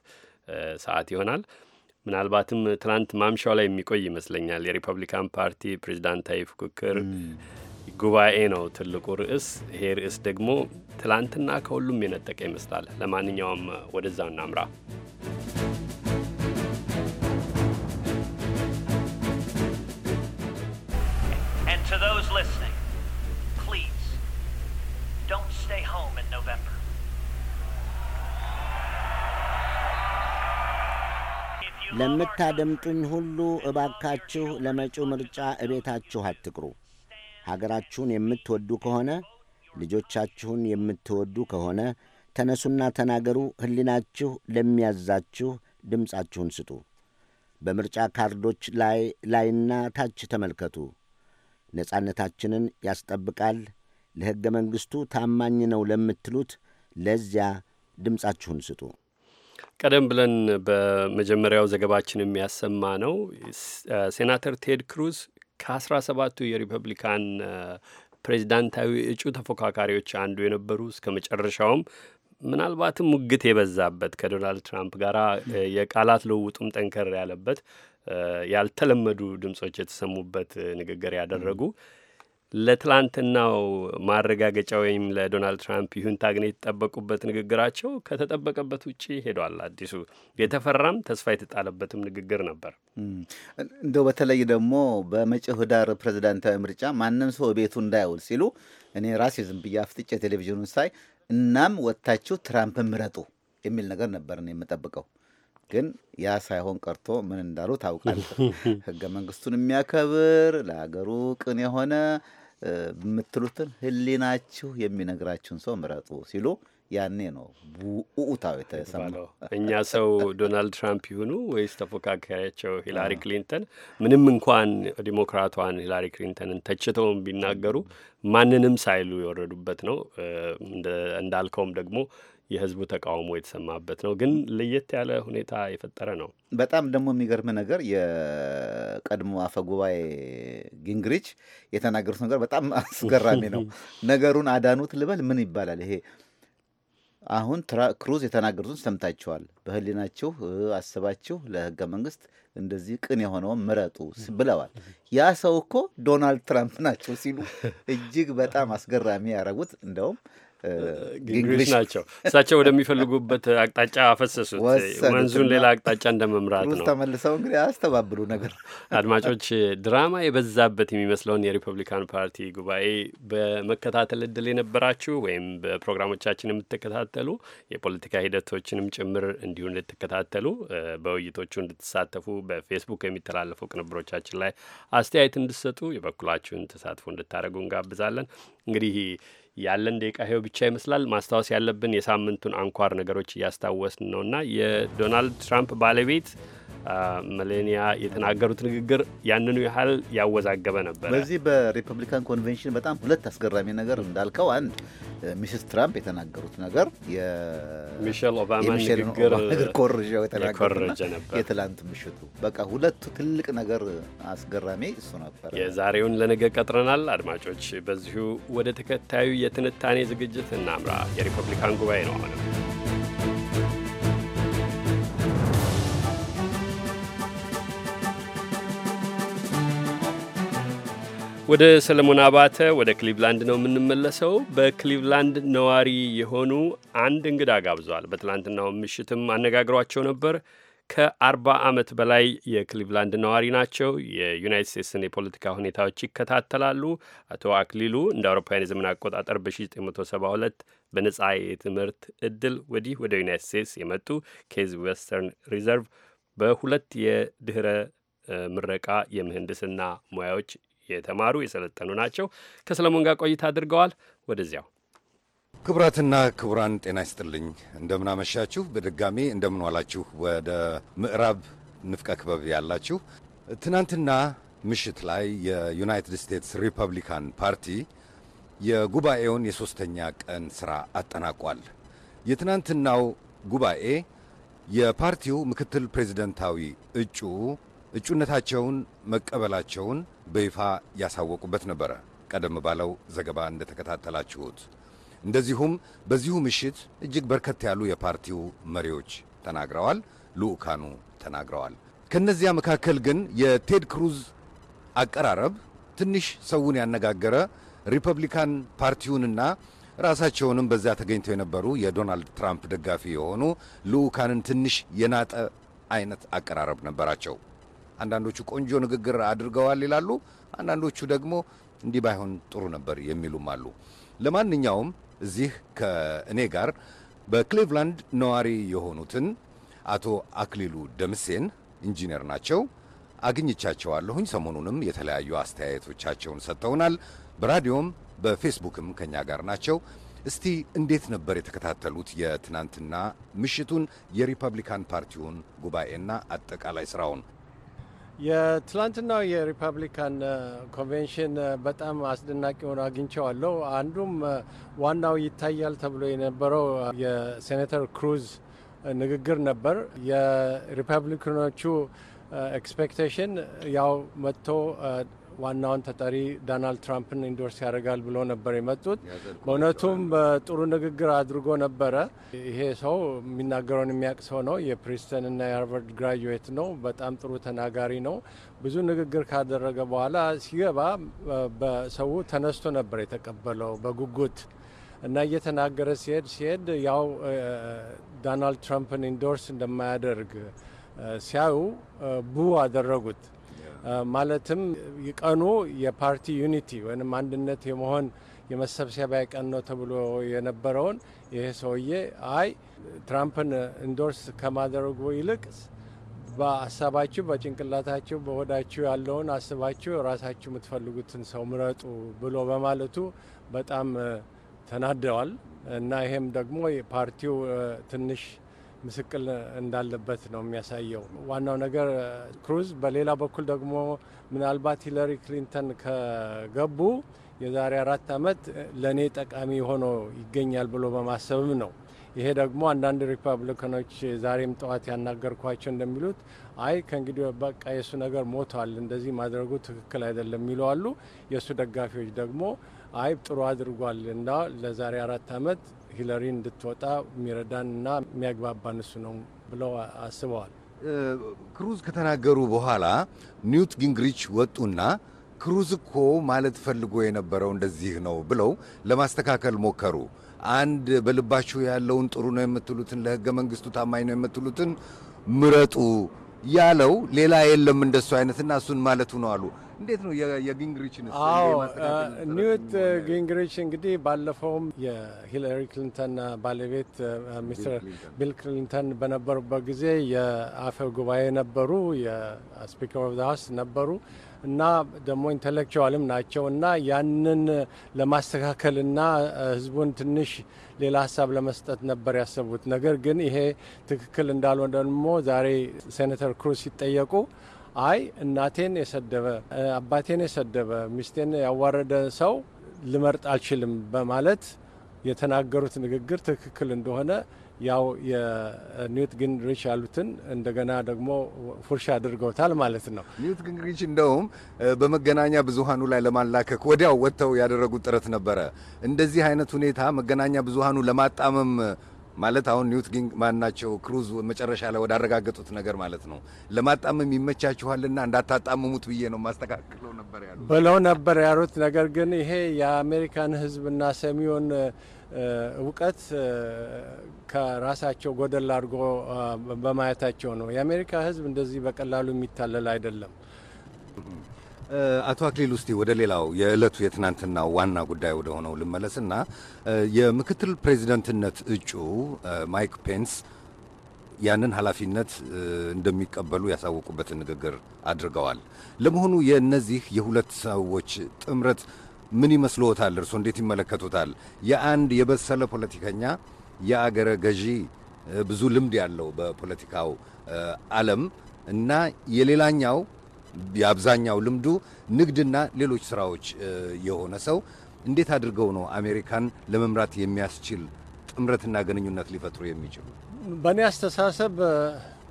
ሰዓት ይሆናል። ምናልባትም ትናንት ማምሻው ላይ የሚቆይ ይመስለኛል። የሪፐብሊካን ፓርቲ ፕሬዚዳንታዊ ፉክክር ጉባኤ ነው ትልቁ ርዕስ። ይሄ ርዕስ ደግሞ ትላንትና ከሁሉም የነጠቀ ይመስላል። ለማንኛውም ወደዛው እናምራ። ለምታደምጡኝ ሁሉ እባካችሁ ለመጪው ምርጫ እቤታችሁ አትቅሩ። ሀገራችሁን የምትወዱ ከሆነ ልጆቻችሁን የምትወዱ ከሆነ ተነሱና ተናገሩ። ሕሊናችሁ ለሚያዛችሁ ድምፃችሁን ስጡ። በምርጫ ካርዶች ላይ ላይና ታች ተመልከቱ። ነጻነታችንን ያስጠብቃል፣ ለሕገ መንግሥቱ ታማኝ ነው ለምትሉት ለዚያ ድምፃችሁን ስጡ። ቀደም ብለን በመጀመሪያው ዘገባችን የሚያሰማ ነው። ሴናተር ቴድ ክሩዝ ከአስራ ሰባቱ የሪፐብሊካን ፕሬዚዳንታዊ እጩ ተፎካካሪዎች አንዱ የነበሩ እስከ መጨረሻውም ምናልባትም ሙግት የበዛበት ከዶናልድ ትራምፕ ጋር የቃላት ልውውጡም ጠንከር ያለበት ያልተለመዱ ድምጾች የተሰሙበት ንግግር ያደረጉ ለትላንትናው ማረጋገጫ ወይም ለዶናልድ ትራምፕ ይሁንታ ግን የተጠበቁበት ንግግራቸው ከተጠበቀበት ውጭ ሄዷል። አዲሱ የተፈራም ተስፋ የተጣለበትም ንግግር ነበር። እንደው በተለይ ደግሞ በመጪው ህዳር ፕሬዚዳንታዊ ምርጫ ማንም ሰው ቤቱ እንዳይውል ሲሉ እኔ ራሴ ዝም ብዬ አፍጥጬ ቴሌቪዥኑን ሳይ እናም ወጥታችሁ ትራምፕ ምረጡ የሚል ነገር ነበር ነው የምጠብቀው። ግን ያ ሳይሆን ቀርቶ ምን እንዳሉ ታውቃል። ህገ መንግስቱን የሚያከብር ለሀገሩ ቅን የሆነ የምትሉትን ህሊናችሁ የሚነግራችሁን ሰው ምረጡ ሲሉ ያኔ ነው ቡኡታው የተሰማው። እኛ ሰው ዶናልድ ትራምፕ ይሁኑ ወይስ ተፎካካሪያቸው ሂላሪ ክሊንተን፣ ምንም እንኳን ዲሞክራቷን ሂላሪ ክሊንተንን ተችተውም ቢናገሩ ማንንም ሳይሉ የወረዱበት ነው። እንዳልከውም ደግሞ የህዝቡ ተቃውሞ የተሰማበት ነው። ግን ለየት ያለ ሁኔታ የፈጠረ ነው። በጣም ደግሞ የሚገርም ነገር የቀድሞ አፈጉባኤ ጊንግሪች የተናገሩት ነገር በጣም አስገራሚ ነው። ነገሩን አዳኑት ልበል ምን ይባላል ይሄ አሁን ክሩዝ የተናገሩትን ሰምታችኋል። በህሊናችሁ አስባችሁ ለህገ መንግስት እንደዚህ ቅን የሆነውን ምረጡ ብለዋል። ያ ሰው እኮ ዶናልድ ትራምፕ ናቸው ሲሉ እጅግ በጣም አስገራሚ ያደረጉት እንደውም ግንግሊሽ ናቸው። እሳቸው ወደሚፈልጉበት አቅጣጫ አፈሰሱት። ወንዙን ሌላ አቅጣጫ እንደመምራት ነው። ተመልሰው እንግዲህ አያስተባብሉ ነገር። አድማጮች፣ ድራማ የበዛበት የሚመስለውን የሪፐብሊካን ፓርቲ ጉባኤ በመከታተል እድል የነበራችሁ ወይም በፕሮግራሞቻችን የምትከታተሉ የፖለቲካ ሂደቶችንም ጭምር እንዲሁ እንድትከታተሉ በውይይቶቹ እንድትሳተፉ በፌስቡክ የሚተላለፉ ቅንብሮቻችን ላይ አስተያየት እንድትሰጡ የበኩላችሁን ተሳትፎ እንድታደርጉ እንጋብዛለን። እንግዲህ ያለን ደቂቃ ብቻ ይመስላል። ማስታወስ ያለብን የሳምንቱን አንኳር ነገሮች እያስታወስን ነውና የዶናልድ ትራምፕ ባለቤት መሌኒያ የተናገሩት ንግግር ያንኑ ያህል ያወዛገበ ነበር። በዚህ በሪፐብሊካን ኮንቬንሽን በጣም ሁለት አስገራሚ ነገር እንዳልከው፣ አንድ ሚስስ ትራምፕ የተናገሩት ነገር የሚሼል ኦባማ ንግግር ኮርዣው የተናገሩት የትላንት ምሽቱ በቃ ሁለቱ ትልቅ ነገር አስገራሚ እሱ ነበር። የዛሬውን ለነገ ቀጥረናል። አድማጮች፣ በዚሁ ወደ ተከታዩ የትንታኔ ዝግጅት እናምራ። የሪፐብሊካን ጉባኤ ነው አሁንም ወደ ሰለሞን አባተ ወደ ክሊቭላንድ ነው የምንመለሰው። በክሊቭላንድ ነዋሪ የሆኑ አንድ እንግዳ ጋብዟል። በትላንትናው ምሽትም አነጋግሯቸው ነበር። ከአርባ ዓመት በላይ የክሊቭላንድ ነዋሪ ናቸው። የዩናይት ስቴትስን የፖለቲካ ሁኔታዎች ይከታተላሉ። አቶ አክሊሉ እንደ አውሮፓውያን የዘመን አቆጣጠር በ1972 በነጻ የትምህርት እድል ወዲህ ወደ ዩናይት ስቴትስ የመጡ ኬዝ ዌስተርን ሪዘርቭ በሁለት የድህረ ምረቃ የምህንድስና ሙያዎች የተማሩ የሰለጠኑ ናቸው። ከሰለሞን ጋር ቆይታ አድርገዋል። ወደዚያው ክቡራትና ክቡራን ጤና ይስጥልኝ። እንደምናመሻችሁ፣ በድጋሚ እንደምንዋላችሁ። ወደ ምዕራብ ንፍቀ ክበብ ያላችሁ ትናንትና ምሽት ላይ የዩናይትድ ስቴትስ ሪፐብሊካን ፓርቲ የጉባኤውን የሦስተኛ ቀን ሥራ አጠናቋል። የትናንትናው ጉባኤ የፓርቲው ምክትል ፕሬዚደንታዊ እጩ እጩነታቸውን መቀበላቸውን በይፋ ያሳወቁበት ነበረ። ቀደም ባለው ዘገባ እንደተከታተላችሁት እንደዚሁም በዚሁ ምሽት እጅግ በርከት ያሉ የፓርቲው መሪዎች ተናግረዋል፣ ልዑካኑ ተናግረዋል። ከእነዚያ መካከል ግን የቴድ ክሩዝ አቀራረብ ትንሽ ሰውን ያነጋገረ ሪፐብሊካን ፓርቲውንና ራሳቸውንም በዚያ ተገኝተው የነበሩ የዶናልድ ትራምፕ ደጋፊ የሆኑ ልዑካንን ትንሽ የናጠ አይነት አቀራረብ ነበራቸው። አንዳንዶቹ ቆንጆ ንግግር አድርገዋል ይላሉ፣ አንዳንዶቹ ደግሞ እንዲህ ባይሆን ጥሩ ነበር የሚሉም አሉ። ለማንኛውም እዚህ ከእኔ ጋር በክሊቭላንድ ነዋሪ የሆኑትን አቶ አክሊሉ ደምሴን ኢንጂነር ናቸው አግኝቻቸዋለሁኝ። ሰሞኑንም የተለያዩ አስተያየቶቻቸውን ሰጥተውናል። በራዲዮም በፌስቡክም ከኛ ጋር ናቸው። እስቲ እንዴት ነበር የተከታተሉት የትናንትና ምሽቱን የሪፐብሊካን ፓርቲውን ጉባኤና አጠቃላይ ስራውን? የትላንትናው የሪፐብሊካን ኮንቬንሽን በጣም አስደናቂ ሆኖ አግኝቸዋለሁ። አንዱም ዋናው ይታያል ተብሎ የነበረው የሴኔተር ክሩዝ ንግግር ነበር። የሪፐብሊካኖቹ ኤክስፔክቴሽን ያው መጥቶ ዋናውን ተጠሪ ዶናልድ ትራምፕን ኢንዶርስ ያደርጋል ብሎ ነበር የመጡት። በእውነቱም ጥሩ ንግግር አድርጎ ነበረ። ይሄ ሰው የሚናገረውን የሚያውቅ ሰው ነው። የፕሪስተን እና የሃርቨርድ ግራጁዌት ነው። በጣም ጥሩ ተናጋሪ ነው። ብዙ ንግግር ካደረገ በኋላ ሲገባ በሰው ተነስቶ ነበር የተቀበለው በጉጉት እና እየተናገረ ሲሄድ ሲሄድ ያው ዶናልድ ትራምፕን ኢንዶርስ እንደማያደርግ ሲያዩ ቡ አደረጉት። ማለትም ቀኑ የፓርቲ ዩኒቲ ወይም አንድነት የመሆን የመሰብሰቢያ ቀን ነው ተብሎ የነበረውን ይሄ ሰውዬ አይ ትራምፕን ኢንዶርስ ከማድረጉ ይልቅ በአሳባችሁ በጭንቅላታችሁ በሆዳችሁ ያለውን አስባችሁ ራሳችሁ የምትፈልጉትን ሰው ምረጡ ብሎ በማለቱ በጣም ተናደዋል እና ይሄም ደግሞ ፓርቲው ትንሽ ምስቅል እንዳለበት ነው የሚያሳየው ዋናው ነገር ክሩዝ። በሌላ በኩል ደግሞ ምናልባት ሂለሪ ክሊንተን ከገቡ የዛሬ አራት ዓመት ለእኔ ጠቃሚ ሆኖ ይገኛል ብሎ በማሰብም ነው። ይሄ ደግሞ አንዳንድ ሪፐብሊካኖች ዛሬም ጠዋት ያናገርኳቸው እንደሚሉት አይ ከእንግዲህ በቃ የእሱ ነገር ሞቷል፣ እንደዚህ ማድረጉ ትክክል አይደለም የሚሉ አሉ። የእሱ ደጋፊዎች ደግሞ አይ ጥሩ አድርጓል እና ለዛሬ አራት ዓመት ሂለሪ እንድትወጣ የሚረዳን እና የሚያግባባን እሱ ነው ብለው አስበዋል። ክሩዝ ከተናገሩ በኋላ ኒውት ጊንግሪች ወጡና ክሩዝ እኮ ማለት ፈልጎ የነበረው እንደዚህ ነው ብለው ለማስተካከል ሞከሩ። አንድ በልባችሁ ያለውን ጥሩ ነው የምትሉትን ለህገ መንግስቱ ታማኝ ነው የምትሉትን ምረጡ ያለው ሌላ የለም እንደሱ አይነትና እሱን ማለቱ ነው አሉ። እንዴት ነው የጊንግሪችን? ኒውት ጊንግሪች እንግዲህ ባለፈውም የሂለሪ ክሊንተን ባለቤት ሚስተር ቢል ክሊንተን በነበሩበት ጊዜ የአፈ ጉባኤ ነበሩ፣ የስፒከር ኦፍ ሀውስ ነበሩ እና ደግሞ ኢንተሌክቹዋልም ናቸው እና ያንን ለማስተካከል እና ህዝቡን ትንሽ ሌላ ሀሳብ ለመስጠት ነበር ያሰቡት። ነገር ግን ይሄ ትክክል እንዳልሆነ ደግሞ ዛሬ ሴኔተር ክሩዝ ሲጠየቁ አይ እናቴን የሰደበ አባቴን የሰደበ ሚስቴን ያዋረደ ሰው ልመርጥ አልችልም በማለት የተናገሩት ንግግር ትክክል እንደሆነ ያው የኒውት ጊንግሪች ያሉትን እንደገና ደግሞ ፉርሽ አድርገውታል ማለት ነው። ኒውት ጊንግሪች እንደውም በመገናኛ ብዙሀኑ ላይ ለማላከክ ወዲያው ወጥተው ያደረጉት ጥረት ነበረ። እንደዚህ አይነት ሁኔታ መገናኛ ብዙሀኑ ለማጣመም ማለት አሁን ኒውት ጊንግ ማናቸው ክሩዝ መጨረሻ ላይ ወዳረጋገጡት ነገር ማለት ነው። ለማጣመም ይመቻችኋልና እንዳታጣምሙት ብዬ ነው ማስተካክለው ነበር ያሉት ብለው ነበር ያሉት። ነገር ግን ይሄ የአሜሪካን ሕዝብና ሰሚዮን እውቀት ከራሳቸው ጎደል አድርጎ በማየታቸው ነው። የአሜሪካ ሕዝብ እንደዚህ በቀላሉ የሚታለል አይደለም። አቶ አክሊል ውስጥ ወደ ሌላው የዕለቱ የትናንትና ዋና ጉዳይ ወደ ሆነው ልመለስና የምክትል ፕሬዚደንትነት እጩ ማይክ ፔንስ ያንን ኃላፊነት እንደሚቀበሉ ያሳወቁበትን ንግግር አድርገዋል። ለመሆኑ የእነዚህ የሁለት ሰዎች ጥምረት ምን ይመስልዎታል? እርስዎ እንዴት ይመለከቱታል? የአንድ የበሰለ ፖለቲከኛ የአገረ ገዢ ብዙ ልምድ ያለው በፖለቲካው ዓለም እና የሌላኛው የአብዛኛው ልምዱ ንግድና ሌሎች ስራዎች የሆነ ሰው እንዴት አድርገው ነው አሜሪካን ለመምራት የሚያስችል ጥምረትና ግንኙነት ሊፈጥሩ የሚችሉ? በእኔ አስተሳሰብ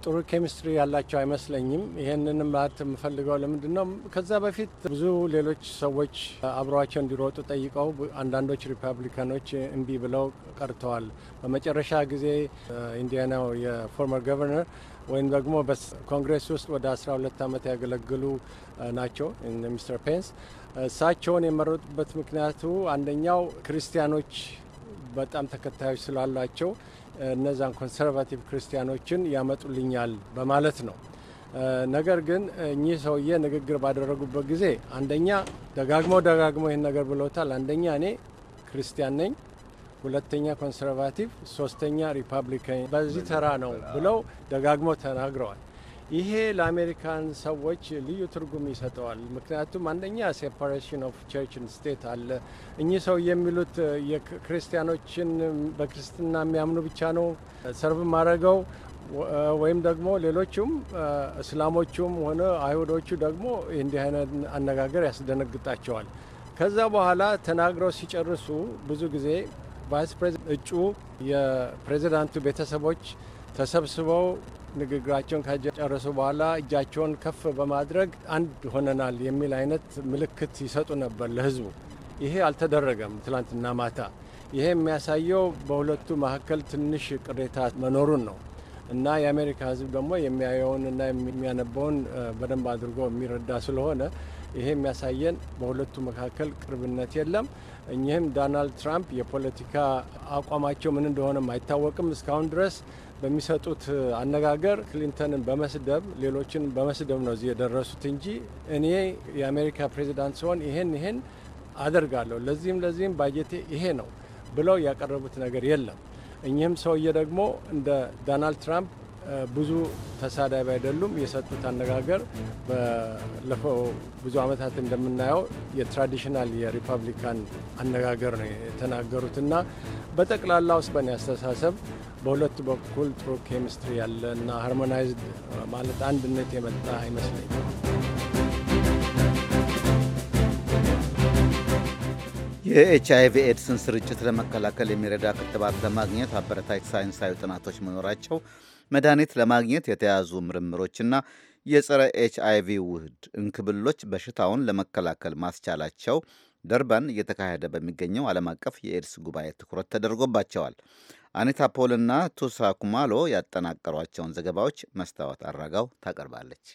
ጥሩ ኬሚስትሪ ያላቸው አይመስለኝም። ይህንን ማለት የምፈልገው ለምንድን ነው? ከዛ በፊት ብዙ ሌሎች ሰዎች አብረዋቸው እንዲሮጡ ጠይቀው አንዳንዶች ሪፐብሊካኖች እምቢ ብለው ቀርተዋል። በመጨረሻ ጊዜ ኢንዲያናው የፎርመር ገቨርነር ወይም ደግሞ በኮንግሬስ ውስጥ ወደ 12 ዓመት ያገለግሉ ናቸው ሚስተር ፔንስ። እሳቸውን የመረጡበት ምክንያቱ አንደኛው ክርስቲያኖች በጣም ተከታዮች ስላሏቸው እነዛን ኮንሰርቫቲቭ ክርስቲያኖችን ያመጡልኛል በማለት ነው። ነገር ግን እኚህ ሰውዬ ንግግር ባደረጉበት ጊዜ አንደኛ ደጋግመው ደጋግመው ይህን ነገር ብለውታል። አንደኛ እኔ ክርስቲያን ነኝ፣ ሁለተኛ ኮንሰርቫቲቭ፣ ሶስተኛ ሪፐብሊካን፣ በዚህ ተራ ነው ብለው ደጋግመው ተናግረዋል። ይሄ ለአሜሪካን ሰዎች ልዩ ትርጉም ይሰጠዋል። ምክንያቱም አንደኛ ሴፓሬሽን ኦፍ ቸርችን ስቴት አለ። እኚህ ሰው የሚሉት የክርስቲያኖችን በክርስትና የሚያምኑ ብቻ ነው ሰርብ ማድረገው ወይም ደግሞ ሌሎቹም እስላሞቹም ሆነ አይሁዶቹ ደግሞ እንዲህ አይነት አነጋገር ያስደነግጣቸዋል። ከዛ በኋላ ተናግረው ሲጨርሱ ብዙ ጊዜ ቫይስ ፕሬዚደንት እጩ የፕሬዚዳንቱ ቤተሰቦች ተሰብስበው ንግግራቸውን ከጨረሱ በኋላ እጃቸውን ከፍ በማድረግ አንድ ሆነናል የሚል አይነት ምልክት ይሰጡ ነበር ለህዝቡ። ይሄ አልተደረገም ትላንትና ማታ። ይሄ የሚያሳየው በሁለቱ መካከል ትንሽ ቅሬታ መኖሩን ነው እና የአሜሪካ ህዝብ ደግሞ የሚያየውን እና የሚያነባውን በደንብ አድርጎ የሚረዳ ስለሆነ ይሄ የሚያሳየን በሁለቱ መካከል ቅርብነት የለም። እኚህም ዶናልድ ትራምፕ የፖለቲካ አቋማቸው ምን እንደሆነም አይታወቅም እስካሁን ድረስ በሚሰጡት አነጋገር ክሊንተንን በመስደብ ሌሎችን በመስደብ ነው እዚህ የደረሱት እንጂ እኔ የአሜሪካ ፕሬዚዳንት ሲሆን ይሄን ይሄን አደርጋለሁ ለዚህም ለዚህም ባጀቴ ይሄ ነው ብለው ያቀረቡት ነገር የለም። እኚህም ሰውዬ ደግሞ እንደ ዶናልድ ትራምፕ ብዙ ተሳዳቢ አይደሉም። የሰጡት አነጋገር ባለፈው ብዙ ዓመታት እንደምናየው የትራዲሽናል የሪፐብሊካን አነጋገር ነው የተናገሩትና በጠቅላላ ውስጥ በእኔ አስተሳሰብ በሁለቱ በኩል ጥሩ ኬሚስትሪ ያለ እና ሃርሞናይዝድ ማለት አንድነት የመጣ አይመስለኝም። የኤች አይቪ ኤድስን ስርጭት ለመከላከል የሚረዳ ክትባት ለማግኘት አበረታች ሳይንሳዊ ጥናቶች መኖራቸው መድኃኒት ለማግኘት የተያዙ ምርምሮችና የጸረ ኤች አይቪ ውህድ እንክብሎች በሽታውን ለመከላከል ማስቻላቸው ደርባን እየተካሄደ በሚገኘው ዓለም አቀፍ የኤድስ ጉባኤ ትኩረት ተደርጎባቸዋል። አኒታ ፖልና ቱሳ ኩማሎ ያጠናቀሯቸውን ዘገባዎች መስታወት አራጋው ታቀርባለች።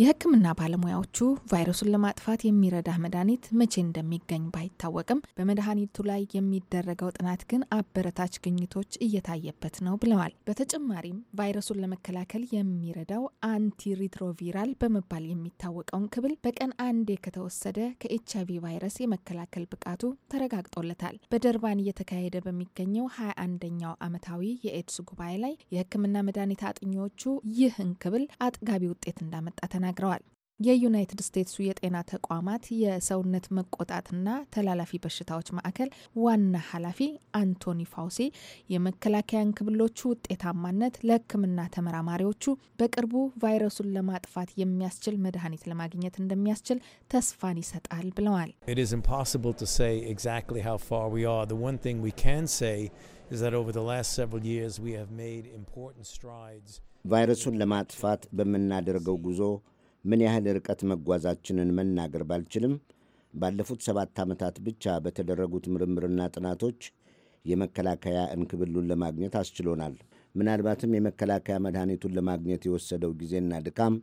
የሕክምና ባለሙያዎቹ ቫይረሱን ለማጥፋት የሚረዳ መድኃኒት መቼ እንደሚገኝ ባይታወቅም በመድኃኒቱ ላይ የሚደረገው ጥናት ግን አበረታች ግኝቶች እየታየበት ነው ብለዋል። በተጨማሪም ቫይረሱን ለመከላከል የሚረዳው አንቲሪትሮቪራል በመባል የሚታወቀውን ክብል በቀን አንዴ ከተወሰደ ከኤች አይቪ ቫይረስ የመከላከል ብቃቱ ተረጋግጦለታል። በደርባን እየተካሄደ በሚገኘው ሀያ አንደኛው ዓመታዊ የኤድስ ጉባኤ ላይ የሕክምና መድኃኒት አጥኚዎቹ ይህን ክብል አጥጋቢ ውጤት እንዳመጣ ተናግረዋል። የዩናይትድ ስቴትሱ የጤና ተቋማት የሰውነት መቆጣትና ተላላፊ በሽታዎች ማዕከል ዋና ኃላፊ አንቶኒ ፋውሲ የመከላከያ እንክብሎቹ ውጤታማነት ለሕክምና ተመራማሪዎቹ በቅርቡ ቫይረሱን ለማጥፋት የሚያስችል መድኃኒት ለማግኘት እንደሚያስችል ተስፋን ይሰጣል ብለዋል። ቫይረሱን ለማጥፋት በምናደርገው ጉዞ ምን ያህል ርቀት መጓዛችንን መናገር ባልችልም ባለፉት ሰባት ዓመታት ብቻ በተደረጉት ምርምርና ጥናቶች የመከላከያ እንክብሉን ለማግኘት አስችሎናል። ምናልባትም የመከላከያ መድኃኒቱን ለማግኘት የወሰደው ጊዜና ድካም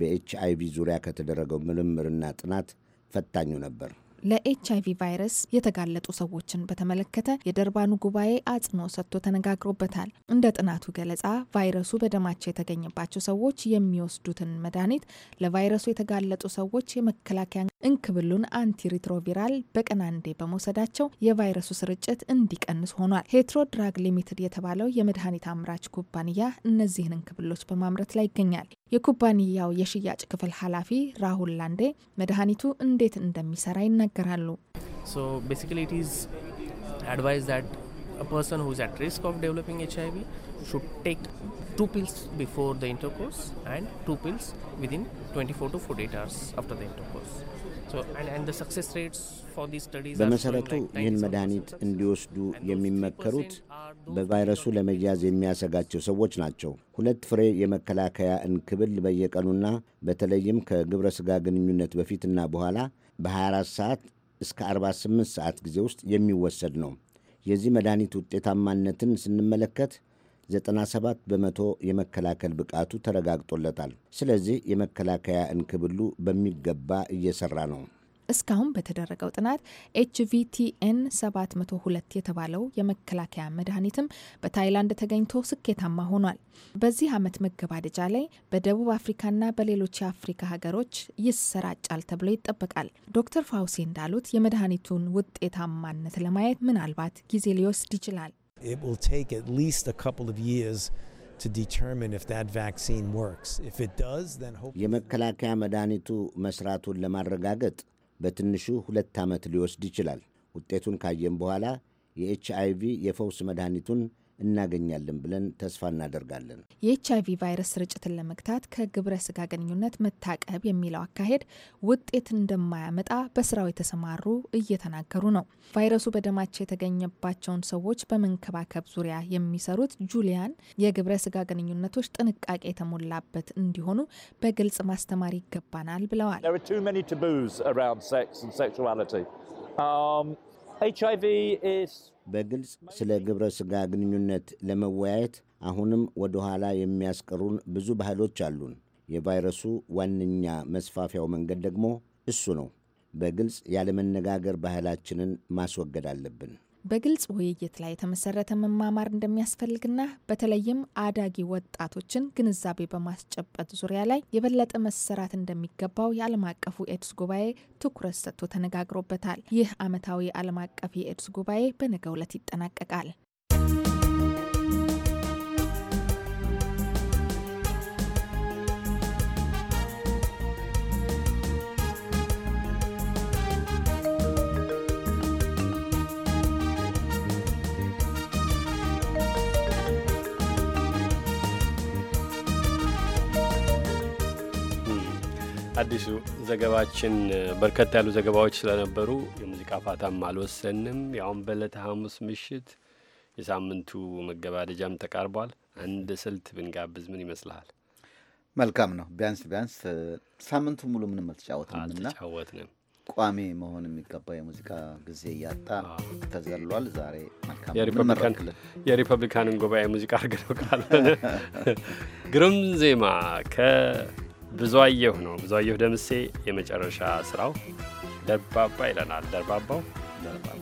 በኤች ዙሪያ ከተደረገው ምርምርና ጥናት ፈታኙ ነበር። ለኤች አይቪ ቫይረስ የተጋለጡ ሰዎችን በተመለከተ የደርባኑ ጉባኤ አጽንኦ ሰጥቶ ተነጋግሮበታል። እንደ ጥናቱ ገለጻ ቫይረሱ በደማቸው የተገኘባቸው ሰዎች የሚወስዱትን መድኃኒት ለቫይረሱ የተጋለጡ ሰዎች የመከላከያ እንክብሉን አንቲሪትሮቪራል በቀን አንዴ በመውሰዳቸው የቫይረሱ ስርጭት እንዲቀንስ ሆኗል። ሄትሮ ድራግ ሊሚትድ የተባለው የመድኃኒት አምራች ኩባንያ እነዚህን እንክብሎች በማምረት ላይ ይገኛል። የኩባንያው የሽያጭ ክፍል ኃላፊ ራሁል ላንዴ መድኃኒቱ እንዴት እንደሚሰራ ይናገራሉ። ፒልስ በመሰረቱ ይህን መድኃኒት እንዲወስዱ የሚመከሩት በቫይረሱ ለመያዝ የሚያሰጋቸው ሰዎች ናቸው። ሁለት ፍሬ የመከላከያ እንክብል በየቀኑና በተለይም ከግብረ ሥጋ ግንኙነት በፊትና በኋላ በ24 ሰዓት እስከ 48 ሰዓት ጊዜ ውስጥ የሚወሰድ ነው። የዚህ መድኃኒት ውጤታማነትን ስንመለከት 97 በመቶ የመከላከል ብቃቱ ተረጋግጦለታል። ስለዚህ የመከላከያ እንክብሉ በሚገባ እየሰራ ነው። እስካሁን በተደረገው ጥናት ኤችቪቲኤን 702 የተባለው የመከላከያ መድኃኒትም በታይላንድ ተገኝቶ ስኬታማ ሆኗል። በዚህ ዓመት መገባደጃ ላይ በደቡብ አፍሪካና በሌሎች የአፍሪካ ሀገሮች ይሰራጫል ተብሎ ይጠበቃል። ዶክተር ፋውሲ እንዳሉት የመድኃኒቱን ውጤታማነት ለማየት ምናልባት ጊዜ ሊወስድ ይችላል። It will take at least a couple of years to determine if that vaccine works. If it does, then hope የመከላከያ መድኃኒቱ መስራቱን ለማረጋገጥ በትንሹ ሁለት ዓመት ሊወስድ ይችላል። ውጤቱን ካየም በኋላ የኤች አይ ቪ የፈውስ መድኃኒቱን እናገኛለን ብለን ተስፋ እናደርጋለን። የኤች አይቪ ቫይረስ ስርጭትን ለመግታት ከግብረ ስጋ ግንኙነት መታቀብ የሚለው አካሄድ ውጤት እንደማያመጣ በስራው የተሰማሩ እየተናገሩ ነው። ቫይረሱ በደማቸው የተገኘባቸውን ሰዎች በመንከባከብ ዙሪያ የሚሰሩት ጁሊያን የግብረ ስጋ ግንኙነቶች ጥንቃቄ የተሞላበት እንዲሆኑ በግልጽ ማስተማር ይገባናል ብለዋል። በግልጽ ስለ ግብረ ሥጋ ግንኙነት ለመወያየት አሁንም ወደ ኋላ የሚያስቀሩን ብዙ ባህሎች አሉን። የቫይረሱ ዋነኛ መስፋፊያው መንገድ ደግሞ እሱ ነው። በግልጽ ያለመነጋገር ባህላችንን ማስወገድ አለብን። በግልጽ ውይይት ላይ የተመሰረተ መማማር እንደሚያስፈልግና በተለይም አዳጊ ወጣቶችን ግንዛቤ በማስጨበጥ ዙሪያ ላይ የበለጠ መሰራት እንደሚገባው የዓለም አቀፉ ኤድስ ጉባኤ ትኩረት ሰጥቶ ተነጋግሮበታል። ይህ ዓመታዊ ዓለም አቀፍ የኤድስ ጉባኤ በነገው ዕለት ይጠናቀቃል። አዲሱ ዘገባችን በርከት ያሉ ዘገባዎች ስለነበሩ የሙዚቃ ፋታም አልወሰንም። ያውም በዕለተ ሐሙስ ምሽት የሳምንቱ መገባደጃም ተቃርቧል። አንድ ስልት ብንጋብዝ ምን ይመስልሃል? መልካም ነው። ቢያንስ ቢያንስ ሳምንቱ ሙሉ ምንም አልተጫወትንም ቋሚ መሆን የሚገባ የሙዚቃ ጊዜ እያጣ ተዘሏል። ዛሬ የሪፐብሊካንን ጉባኤ ሙዚቃ አድርገ ቃል ግሩም ዜማ ከ ብዙአየሁ ነው። ብዙአየሁ ደምሴ የመጨረሻ ስራው ደርባባ ይለናል። ደርባባው ደርባባ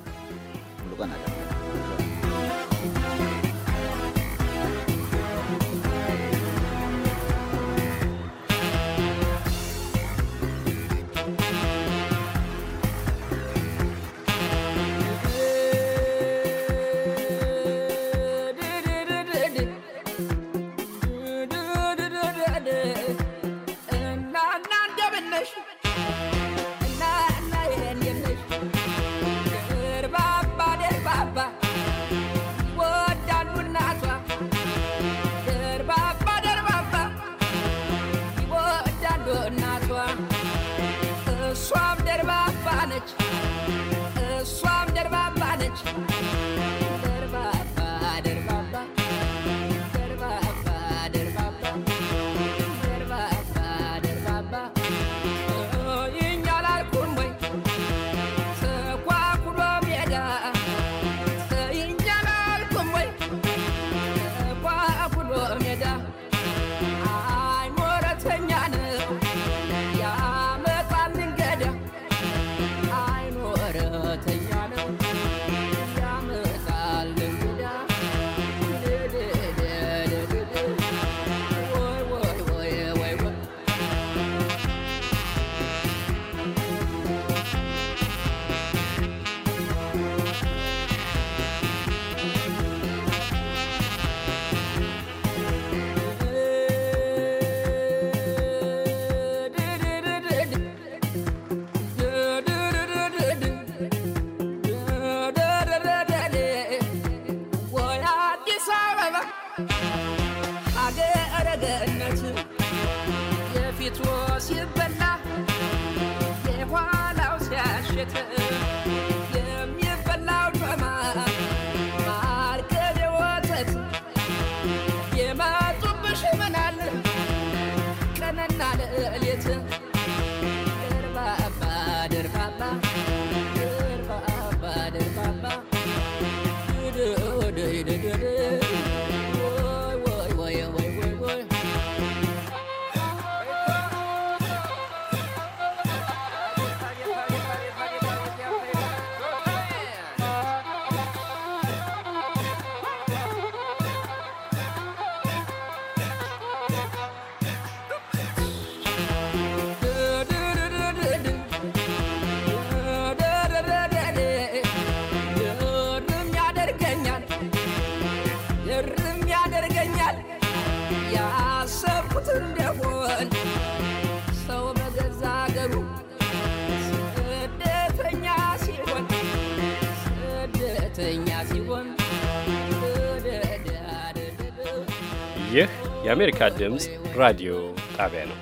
የአሜሪካ ድምፅ ራዲዮ ጣቢያ ነው።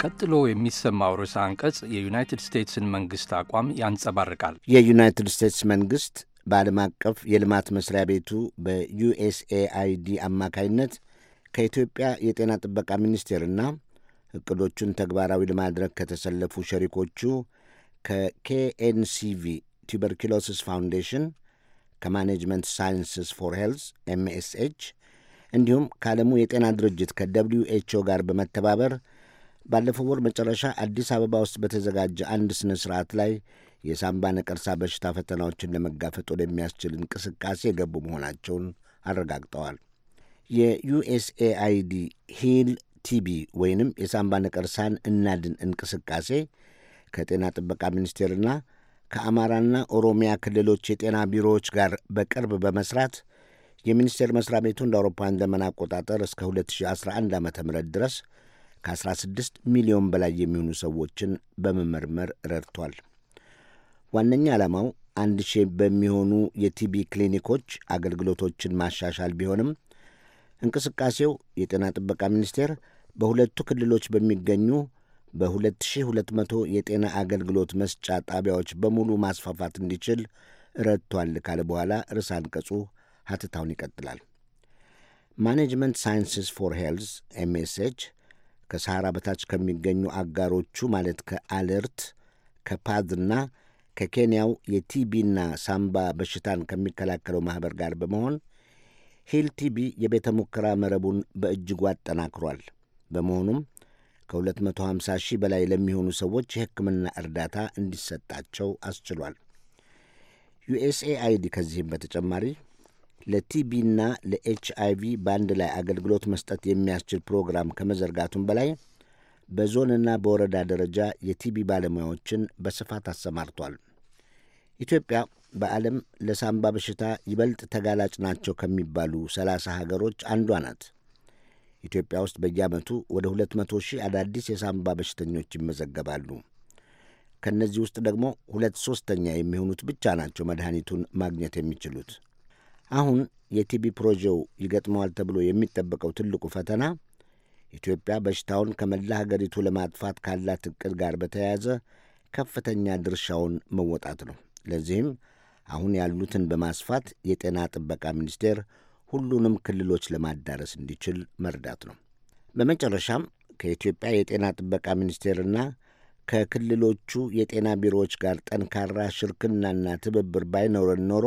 ቀጥሎ የሚሰማው ርዕሰ አንቀጽ የዩናይትድ ስቴትስን መንግሥት አቋም ያንጸባርቃል። የዩናይትድ ስቴትስ መንግሥት በዓለም አቀፍ የልማት መስሪያ ቤቱ በዩኤስኤአይዲ አማካይነት ከኢትዮጵያ የጤና ጥበቃ ሚኒስቴርና እቅዶቹን ተግባራዊ ለማድረግ ከተሰለፉ ሸሪኮቹ ከኬኤንሲቪ ቱበርኪሎሲስ ፋውንዴሽን ከማኔጅመንት ሳይንስስ ፎር ሄልዝ ኤምኤስኤች እንዲሁም ከዓለሙ የጤና ድርጅት ኤች ኦ ጋር በመተባበር ባለፈው ወር መጨረሻ አዲስ አበባ ውስጥ በተዘጋጀ አንድ ሥነ ሥርዓት ላይ የሳምባ ነቀርሳ በሽታ ፈተናዎችን ለመጋፈጥ ወደሚያስችል እንቅስቃሴ የገቡ መሆናቸውን አረጋግጠዋል። የዩኤስኤአይዲ ሂል ቲቢ ወይንም የሳምባ ነቀርሳን እናድን እንቅስቃሴ ከጤና ጥበቃ ሚኒስቴርና ከአማራና ኦሮሚያ ክልሎች የጤና ቢሮዎች ጋር በቅርብ በመስራት የሚኒስቴር መስሪያ ቤቱ እንደ አውሮፓውያን ዘመን አቆጣጠር እስከ 2011 ዓ ም ድረስ ከ16 ሚሊዮን በላይ የሚሆኑ ሰዎችን በመመርመር ረድቷል። ዋነኛ ዓላማው አንድ ሺህ በሚሆኑ የቲቢ ክሊኒኮች አገልግሎቶችን ማሻሻል ቢሆንም እንቅስቃሴው የጤና ጥበቃ ሚኒስቴር በሁለቱ ክልሎች በሚገኙ በ2200 የጤና አገልግሎት መስጫ ጣቢያዎች በሙሉ ማስፋፋት እንዲችል ረድቷል ካለ በኋላ ርዕሰ አንቀጹ ሀተታውን ይቀጥላል። ማኔጅመንት ሳይንስስ ፎር ሄልዝ ኤምኤስኤች ከሰሃራ በታች ከሚገኙ አጋሮቹ ማለት ከአለርት ከፓድና ከኬንያው የቲቢና ሳምባ በሽታን ከሚከላከለው ማኅበር ጋር በመሆን ሂል ቲቢ የቤተ ሙከራ መረቡን በእጅጉ አጠናክሯል። በመሆኑም ከ250 ሺህ በላይ ለሚሆኑ ሰዎች የሕክምና እርዳታ እንዲሰጣቸው አስችሏል። ዩኤስኤአይዲ ከዚህም በተጨማሪ ለቲቢና ለኤች አይቪ በአንድ ላይ አገልግሎት መስጠት የሚያስችል ፕሮግራም ከመዘርጋቱም በላይ በዞንና በወረዳ ደረጃ የቲቢ ባለሙያዎችን በስፋት አሰማርቷል። ኢትዮጵያ በዓለም ለሳምባ በሽታ ይበልጥ ተጋላጭ ናቸው ከሚባሉ ሰላሳ ሀገሮች አንዷ ናት። ኢትዮጵያ ውስጥ በየዓመቱ ወደ 200 ሺህ አዳዲስ የሳምባ በሽተኞች ይመዘገባሉ። ከእነዚህ ውስጥ ደግሞ ሁለት ሦስተኛ የሚሆኑት ብቻ ናቸው መድኃኒቱን ማግኘት የሚችሉት። አሁን የቲቢ ፕሮጀው ይገጥመዋል ተብሎ የሚጠበቀው ትልቁ ፈተና ኢትዮጵያ በሽታውን ከመላ ሀገሪቱ ለማጥፋት ካላት እቅድ ጋር በተያያዘ ከፍተኛ ድርሻውን መወጣት ነው። ለዚህም አሁን ያሉትን በማስፋት የጤና ጥበቃ ሚኒስቴር ሁሉንም ክልሎች ለማዳረስ እንዲችል መርዳት ነው። በመጨረሻም ከኢትዮጵያ የጤና ጥበቃ ሚኒስቴርና ከክልሎቹ የጤና ቢሮዎች ጋር ጠንካራ ሽርክናና ትብብር ባይኖረን ኖሮ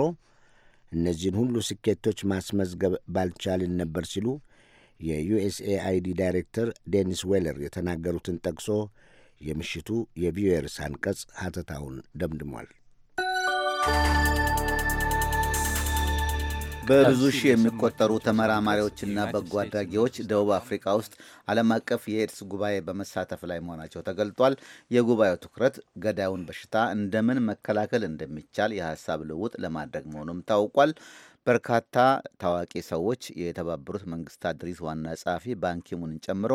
እነዚህን ሁሉ ስኬቶች ማስመዝገብ ባልቻልን ነበር ሲሉ የዩኤስኤአይዲ ዳይሬክተር ዴኒስ ዌለር የተናገሩትን ጠቅሶ የምሽቱ የቪዮኤርስ አንቀጽ ሀተታውን ደምድሟል። በብዙ ሺህ የሚቆጠሩ ተመራማሪዎችና በጎ አድራጊዎች ደቡብ አፍሪካ ውስጥ ዓለም አቀፍ የኤድስ ጉባኤ በመሳተፍ ላይ መሆናቸው ተገልጧል። የጉባኤው ትኩረት ገዳዩን በሽታ እንደምን መከላከል እንደሚቻል የሀሳብ ልውውጥ ለማድረግ መሆኑም ታውቋል። በርካታ ታዋቂ ሰዎች የተባበሩት መንግስታት ድርጅት ዋና ጸሐፊ ባንኪሙንን ጨምሮ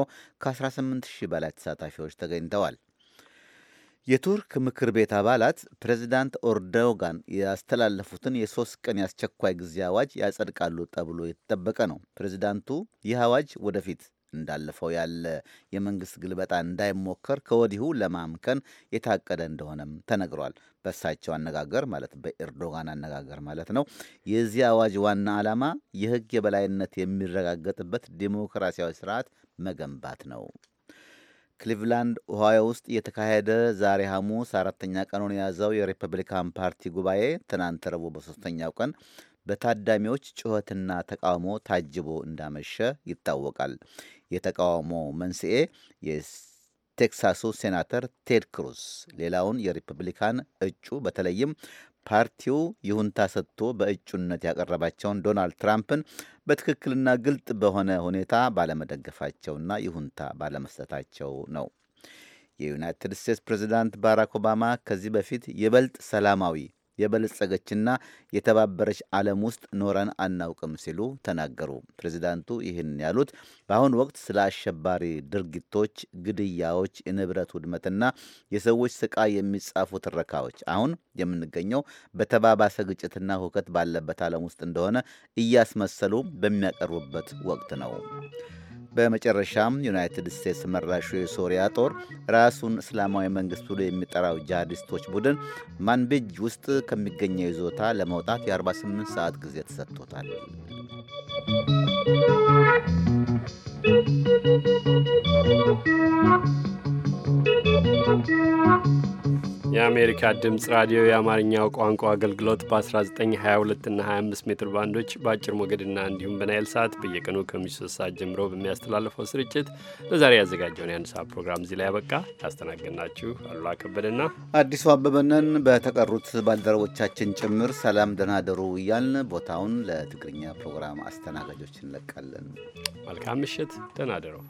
ከ18 ሺህ በላይ ተሳታፊዎች ተገኝተዋል። የቱርክ ምክር ቤት አባላት ፕሬዚዳንት ኦርዶጋን ያስተላለፉትን የሶስት ቀን የአስቸኳይ ጊዜ አዋጅ ያጸድቃሉ ተብሎ የተጠበቀ ነው። ፕሬዚዳንቱ ይህ አዋጅ ወደፊት እንዳለፈው ያለ የመንግስት ግልበጣ እንዳይሞከር ከወዲሁ ለማምከን የታቀደ እንደሆነም ተነግሯል። በእሳቸው አነጋገር ማለት በኤርዶጋን አነጋገር ማለት ነው። የዚህ አዋጅ ዋና ዓላማ የህግ የበላይነት የሚረጋገጥበት ዲሞክራሲያዊ ስርዓት መገንባት ነው። ክሊቭላንድ ኦሃዮ ውስጥ የተካሄደ ዛሬ ሐሙስ አራተኛ ቀኑን የያዘው የሪፐብሊካን ፓርቲ ጉባኤ ትናንት ረቡዕ በሶስተኛው ቀን በታዳሚዎች ጩኸትና ተቃውሞ ታጅቦ እንዳመሸ ይታወቃል። የተቃውሞ መንስኤ የቴክሳሱ ሴናተር ቴድ ክሩስ ሌላውን የሪፐብሊካን እጩ በተለይም ፓርቲው ይሁንታ ሰጥቶ በእጩነት ያቀረባቸውን ዶናልድ ትራምፕን በትክክልና ግልጥ በሆነ ሁኔታ ባለመደገፋቸውና ይሁንታ ባለመስጠታቸው ነው። የዩናይትድ ስቴትስ ፕሬዚዳንት ባራክ ኦባማ ከዚህ በፊት ይበልጥ ሰላማዊ የበለጸገችና የተባበረች ዓለም ውስጥ ኖረን አናውቅም ሲሉ ተናገሩ። ፕሬዚዳንቱ ይህን ያሉት በአሁኑ ወቅት ስለ አሸባሪ ድርጊቶች፣ ግድያዎች፣ የንብረት ውድመትና የሰዎች ስቃይ የሚጻፉ ትረካዎች አሁን የምንገኘው በተባባሰ ግጭትና ሁከት ባለበት ዓለም ውስጥ እንደሆነ እያስመሰሉ በሚያቀርቡበት ወቅት ነው። በመጨረሻም ዩናይትድ ስቴትስ መራሹ የሶሪያ ጦር ራሱን እስላማዊ መንግስት ብሎ የሚጠራው ጂሃዲስቶች ቡድን ማንቢጅ ውስጥ ከሚገኘው ይዞታ ለመውጣት የ48 ሰዓት ጊዜ ተሰጥቶታል። Thank የአሜሪካ ድምፅ ራዲዮ የአማርኛው ቋንቋ አገልግሎት በ1922 እና 25 ሜትር ባንዶች በአጭር ሞገድና እንዲሁም በናይል ሰዓት በየቀኑ ከምሽቱ ሶስት ሰዓት ጀምሮ በሚያስተላልፈው ስርጭት ለዛሬ ያዘጋጀውን የአንድ ሰዓት ፕሮግራም እዚህ ላይ ያበቃ። ያስተናገድናችሁ አሉላ ከበደና አዲሱ አበበነን በተቀሩት ባልደረቦቻችን ጭምር ሰላም ደናደሩ እያልን ቦታውን ለትግርኛ ፕሮግራም አስተናጋጆች እንለቃለን። መልካም ምሽት፣ ደናደረው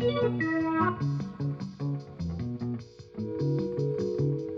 Thank you.